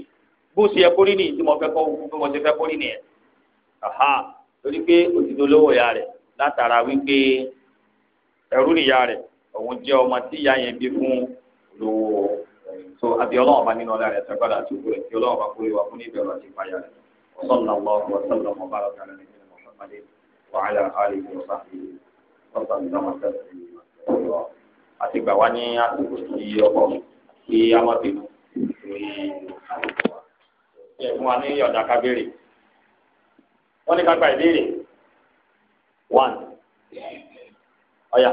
bó ṣe yẹ kó rí nìyí tí mo fẹ́ kọ́ bí mo ṣe fẹ́ kó rí nìyẹn torí pé òtítọ́ lówó ìyá rẹ̀ látara wípé ẹrú nìyá rẹ̀ òun jẹ́ ọmọ tí ìyá yẹn bí fún lówó so àbí ọlọ́wọ́n bá nínú ọ̀la rẹ̀ sẹ́gbàdà àti òkú rẹ̀ tí ọlọ́wọ́n bá kúrò wá fún ní ìbẹ̀rù àti ìpayà rẹ̀ وصلى الله وسلم وبارك على نبينا محمد وعلى اله وصحبه àti gbà wá ní àsìkò tí ọkọ̀ kí a má bínú ní àsìkò wa. ṣe fún ní ọ̀dà kábèrè. wọ́n ní ká ìbéèrè. one ọ̀yà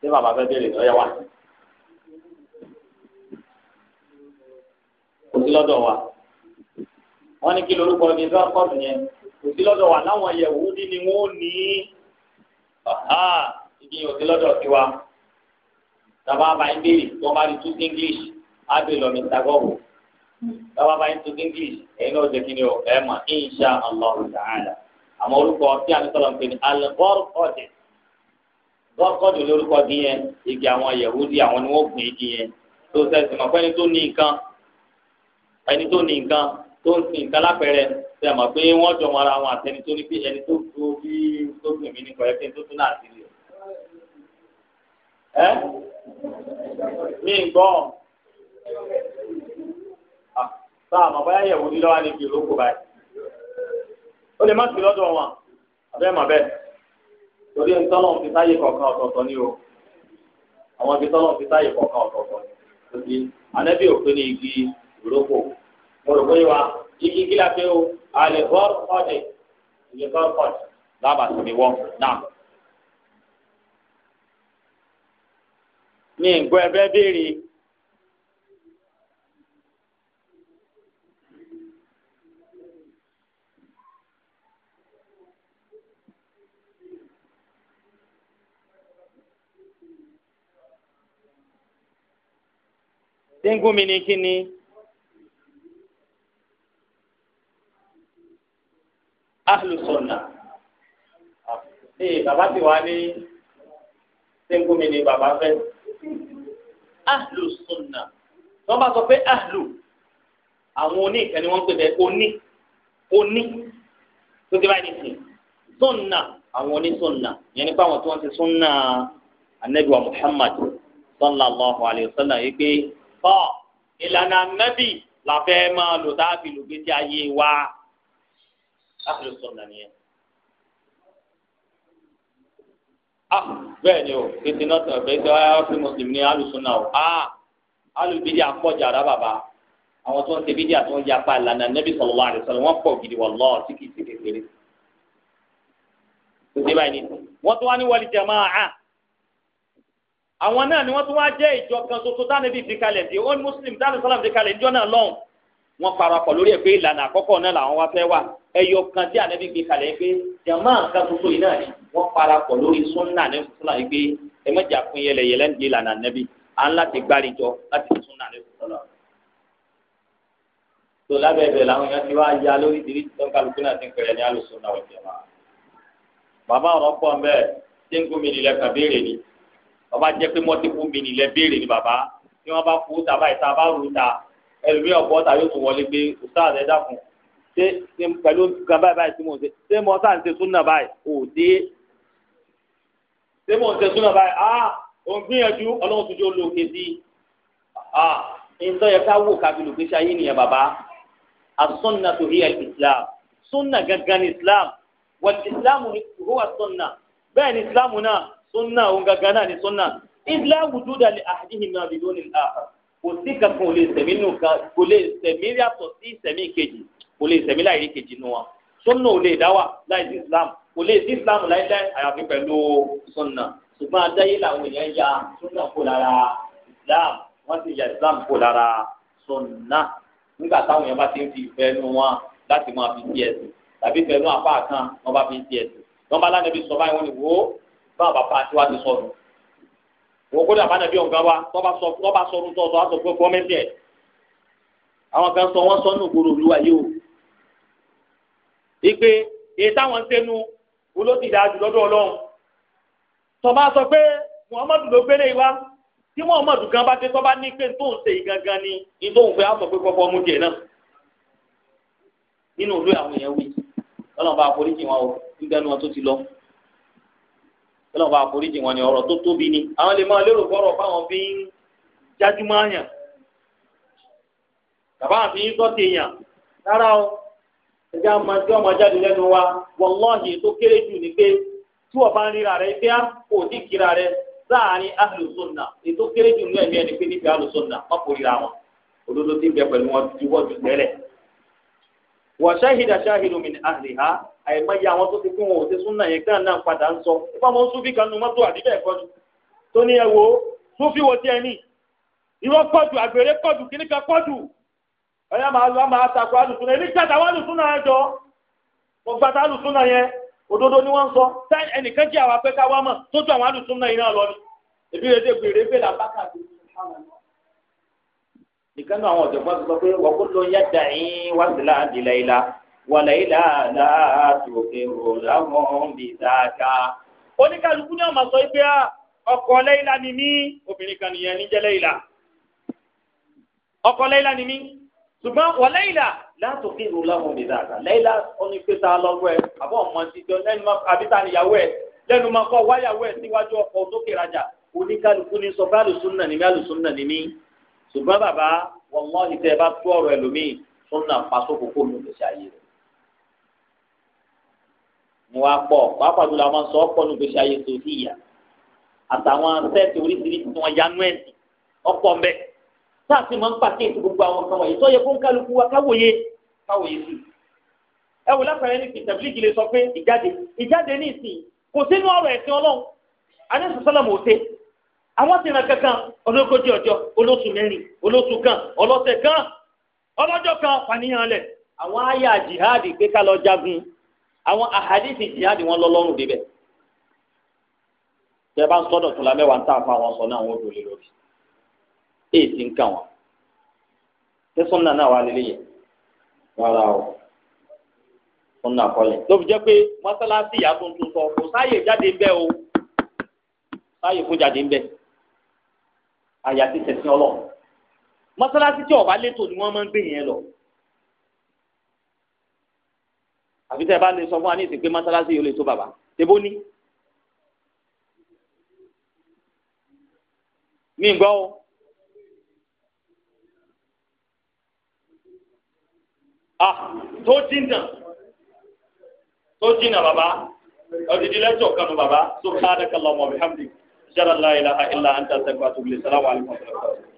ṣé bàbá fẹ́ béèrè ọ̀yà wà. kò sí lọ́dọ̀ wa. wọ́n ní kí lorúkọ ní sọ́kọ̀tù yẹn kò sí lọ́dọ̀ wa láwọn yẹ̀wò ní ni wọ́n ní í ibi yóò ti lọ́dọ̀ sí wa tàbá bá ń béèrè tó máa di tún english á bè lọ mr gọ́wọ̀ tàbá bá ń tún english ẹ̀yin náà jẹ́ kí ni o ẹ̀ mọ̀ insha allah ta'ala àmọ́ orúkọ tí a ní sọ̀rọ̀ ń pè ní algorkọ́dì gọ́kọ́dì lórúkọ dín yẹn igi àwọn yahudi àwọn ni wọ́n gbìn igi yẹn tó sẹ́sìn mọ̀ pẹ́ni tó ní nǹkan ẹni tó ní nǹkan tó ń sin nǹkan lápẹ̀rẹ̀ ṣe mọ̀ pé wọ́n jọ mọ ara wọn àtẹni tó ní pé ẹni tó tó bí tó gbìn mí nípa ẹni tó tún náà sí rẹ̀. ẹ mi ń gbọ́ sáà báyà yẹ̀wò báyìí. ó lè má sí lọ́dọ̀ wọn abẹ́ mọ̀ bẹ́ẹ̀ torí fi kọ̀ọ̀kan ọ̀tọ̀ọ̀tọ̀ ni o àwọn ibi fi kọ̀ọ̀kan ọ̀tọ̀ọ̀tọ̀ ni òfin ni igi mo rò igi kí la fẹ́ o. àlèkọ́rọ́kọ́dé àlèkọ́rọ́kọ́dé lábàtì mi wọ́n náà. ní nǹkan ẹ̀fẹ́ béèrè. dengu mi ni kí ni. ahlùsọ̀nà ee eh, bàbá ti wá ní sẹ́ńkúmi ni bàbá fẹ́ ahlùsọ̀nà tí wọ́n bá sọ pé ahlù àwọn oní ìkànnì wọ́n ń pè bẹ́ẹ̀ oní oní tó ti báyìí nìsín sọ̀nà àwọn oní sọ̀nà yẹn nípa àwọn tí wọ́n ti sọ̀nà anabi muhammad sallallahu alayhi wa sallam yìí pé tọ́ ìlànà anabi la máa lò tá a fi lò gbé sí ayé wa ahlu sunna nìyẹn. ah bẹ́ẹ̀ ni o kìtì náà tẹ̀ bẹ́ẹ̀ tẹ́ ọ́ fi mùsùlùmí ní ahlu sunna o ah alùbídìí àpọ̀jà rà bàbá àwọn tó ń ṣe bídìí àti wọn ya pa ìlànà nẹ́bí sallallahu alaihi wọn pọ̀ gidi wallahi tí kìí ṣe kékeré. kò báyìí ni wọ́n tún wá ní wal jama'a àwọn náà ni wọ́n tún wá jẹ́ ìjọ kan ṣoṣo tánàbí fi kalẹ̀ di old muslim tánàbí sọ́lá fi kalẹ̀ níjọ́ náà lọ́hùn wọ́n parapọ̀ lórí ẹ̀ ìlànà àkọ́kọ́ náà làwọn wá fẹ́ wà ẹyọ kan tí ànábì gbé kalẹ̀ pé jàmá nǹkan tuntun yìí náà ni wọ́n para pọ̀ lórí súnà ní fúnra yìí pé ẹ má jà fún yẹlẹyẹlẹ ń di ìlànà ànábì à ń láti gbárí jọ láti fi súnà ní fúnra. tó lábẹ́bẹ̀ làwọn èèyàn ti wá ya lórí ìdílé tó ń kálukú náà ti ń pẹ̀lẹ́ ní alùsùn náà wọ̀jẹ̀ bàbá ọ̀rọ̀ pọ̀ ń bẹ́ẹ̀ tí ń gún mi nílẹ̀ kàn béèrè ni bàbá jẹ́ pé mọ́tì kún mi nílẹ̀ béèrè ni bàbá tí wọ́n bá kú tàbá ìta bá rú ta ẹlòmíràn bọ́ ta yóò tún wọlé pé òtáà rẹ̀ ṣé pẹ̀lú nǹkan báyìí báyìí tí mò ń ṣe ṣé mo sá ń ṣe súnà báyìí ò dé ṣé mò ń ṣe súnà báyìí á òun gbìyànjú ọlọ́run tó jẹ́ olóòkè sí á nǹkan yẹ ká wò kábi lòkè ṣe ayé nìyẹn bàbá asúnà tó hí islam súnà gangan ni islam wà islam huwa súnà bẹ́ẹ̀ ni islam náà súnà òun gangan náà ni súnà islam wùdúdà lè àdéhìí náà bìlónì àhà kò sí kankan ò lè sẹ̀mí nù kan kò lè sẹ̀mí yàtọ̀ sí sẹ̀mí kejì kò lè sẹ̀mí láì rí kejì nu wọn sunna ò lè dá wà láì sí islam kò lè sí islam láìláì àyàfi pẹ̀lú sunna ṣùgbọ́n adáyé làwọn èèyàn ya sunna kó lára islam wọ́n sì ya islam kó lára sunna nígbà táwọn èèyàn bá ti ń fi ìfẹ́ nu wọn láti máa fi díẹ̀ sí tàbí ìfẹ́ nu apá kan wọn bá fi díẹ̀ sí wọn bá lánàá bí sọ báyìí wọn ni wò ó bá bàbá àti wá ti sọ̀rọ̀ wọ́n kó dàbá nàbí ọ̀gá wa tọ́ba sọ̀rọ̀ tọ́sọ̀ ìpè èyí táwọn ń sẹ́nu olódìdá jù lọ́dọ̀ ọlọ́run tọ́ba sọ pé muhammadu ló gbélé wa tí muhammadu gan bá dé tọ́ba ní pé tó ń ṣe ìgangan ni ní tó ń fẹ́ àtọ̀ pé kọ́kọ́ mú tiẹ̀ náà nínú olú àwọn èèyàn wí ọlọ́run bá àforíjì wọn o nígbà wọn tó ti lọ ọlọ́run bá àforíjì wọn ni ọ̀rọ̀ tó tóbi ni àwọn lè máa lérò fọ́rọ̀ fáwọn bí ń jájúmọ́ àyàn bàbá àfi ń tọ́ ti yàn rárá o. ẹjẹ àmà tí ọmọ jáde lẹnu wa wọlọ́ọ̀hì tó kéré jù ni pé tí wọ́n bá ń ríra rẹ a kò ní kíra rẹ láàrin ahlùsọ̀nà ètò kéré jù nínú ẹ̀mí ẹni pé níbi ahlùsọ̀nà má kò ríra wọn olódó ti bẹ pẹ̀lú wọn ti tẹ́lẹ̀. wọ́n ṣáhìdà ha tó ti wọn ò ti yẹn náà padà ń sọ mọ́tò àdìbẹ́ ẹ̀kọ́ ọ̀yà máa lọ máa takò alùsùnà èmi gbàtà wọn alùsùnà yẹn jọ mo gbàtà alùsùnà yẹn òdodo ni wọ́n sọ tá ẹnìkan jẹ́ àwọn apẹ́ká wa mọ̀ tó ju àwọn alùsùnà yìí náà lọ ni èbí rẹ̀ dé gbèrè pé là bákà tó nìkan náà àwọn ọ̀jọ̀gbọ́n ti sọ pé wọ́n kó lọ yá dà yín wá sí láàdì láìla wà láìla láàtòkè rò láwọn bí dáadáa. oníkàlùkù ni ọmọ sọ pé ọkọ láìla ni mí obìnrin kan nìyẹn níjẹ́ láìla ọkọ láìla ni mí ṣùgbọ́n wọ lẹ́yìnlá látò kí ìrù lọ́hùn mi dáadáa lẹ́yìnlá onípẹ́ta lọ́wọ́ ẹ àbọ̀ ọmọ títí lẹ́nu máa àbíta níyàwó ẹ lẹ́nu máa kọ́ wáyàwó ẹ síwájú ọkọ̀ sókè rajà oníkálukú ní sọ bá lùsùnà ní bá lùsùnà ní mí ṣùgbọ́n bàbá wọ́n ìtẹ́ bá tó ọ̀rọ̀ ẹlòmíì sùnà paṣọ kókó mi lè ṣe ayé rẹ̀. mo wá pọ̀ pàápàá jùlọ àwọn sọ ọ̀pọ̀ ní gbèsè ayé tó hìyà àtàwọn sẹ́ẹ̀tì oríṣiríṣi tí wọ́n yanú ẹ̀sìn ọ̀pọ̀ mbẹ́ẹ̀ táà sì máa ń pàkíyèsí gbogbo àwọn kan wọ̀nyí tó yẹ kó ń kálukú wa káwòye káwòye sí i. ẹ wò lápẹ̀rẹ̀ ní ti tẹ̀blígì lè sọ pé ìjáde ìjáde ní ìsìn kò sínú ọ̀rọ̀ ẹ̀sìn ọlọ́run anẹ́sùn sọ́lọ́mù òde àwọn ti ràn kankan ológójì ọjọ́ olóṣù mẹ́rin olóṣù kan ọlọ́sẹ̀ kan ọlọ́jọ́ kan fàníyàn lẹ̀ àwọn àyà jihadi pé ká lọ jagun àwọn àhàdìsì jihadi wọn lọ lọ́rùn débẹ̀ tẹ bá ń sọ́dọ̀ tó la mẹ́wàá ń tà fún àwọn sọ náà wọn ò dòlè lórí èyí tí ń kàn wọ́n ṣé súnà náà wà lélẹ́yẹ rárá o súnà kọ́lẹ̀ ló fi jẹ́ pé mọ́sálásí ìyá tuntun sọ kò sáyè jáde bẹ́ẹ̀ o sáyè fún jáde bẹ́ẹ̀ àyà ti tẹ̀sí ọlọ́ mọ́sálásí tí ọba létò ni wọ́n máa ń gbé yẹn lọ àfi tẹ́ ẹ bá lè sọ fún wa ní ìsìn pé mọ́sálásí yóò lè tó bàbá tẹ́bó ní. mi gbọ́ o ah tó jìnnà tó jìnnà bàbá ọdidi lẹ́jọ́ kanu bàbá subhanakallahumma wa bihamdik jara la ilaha illa anta astaghfiruka wa atubu ilayk salamu alaykum.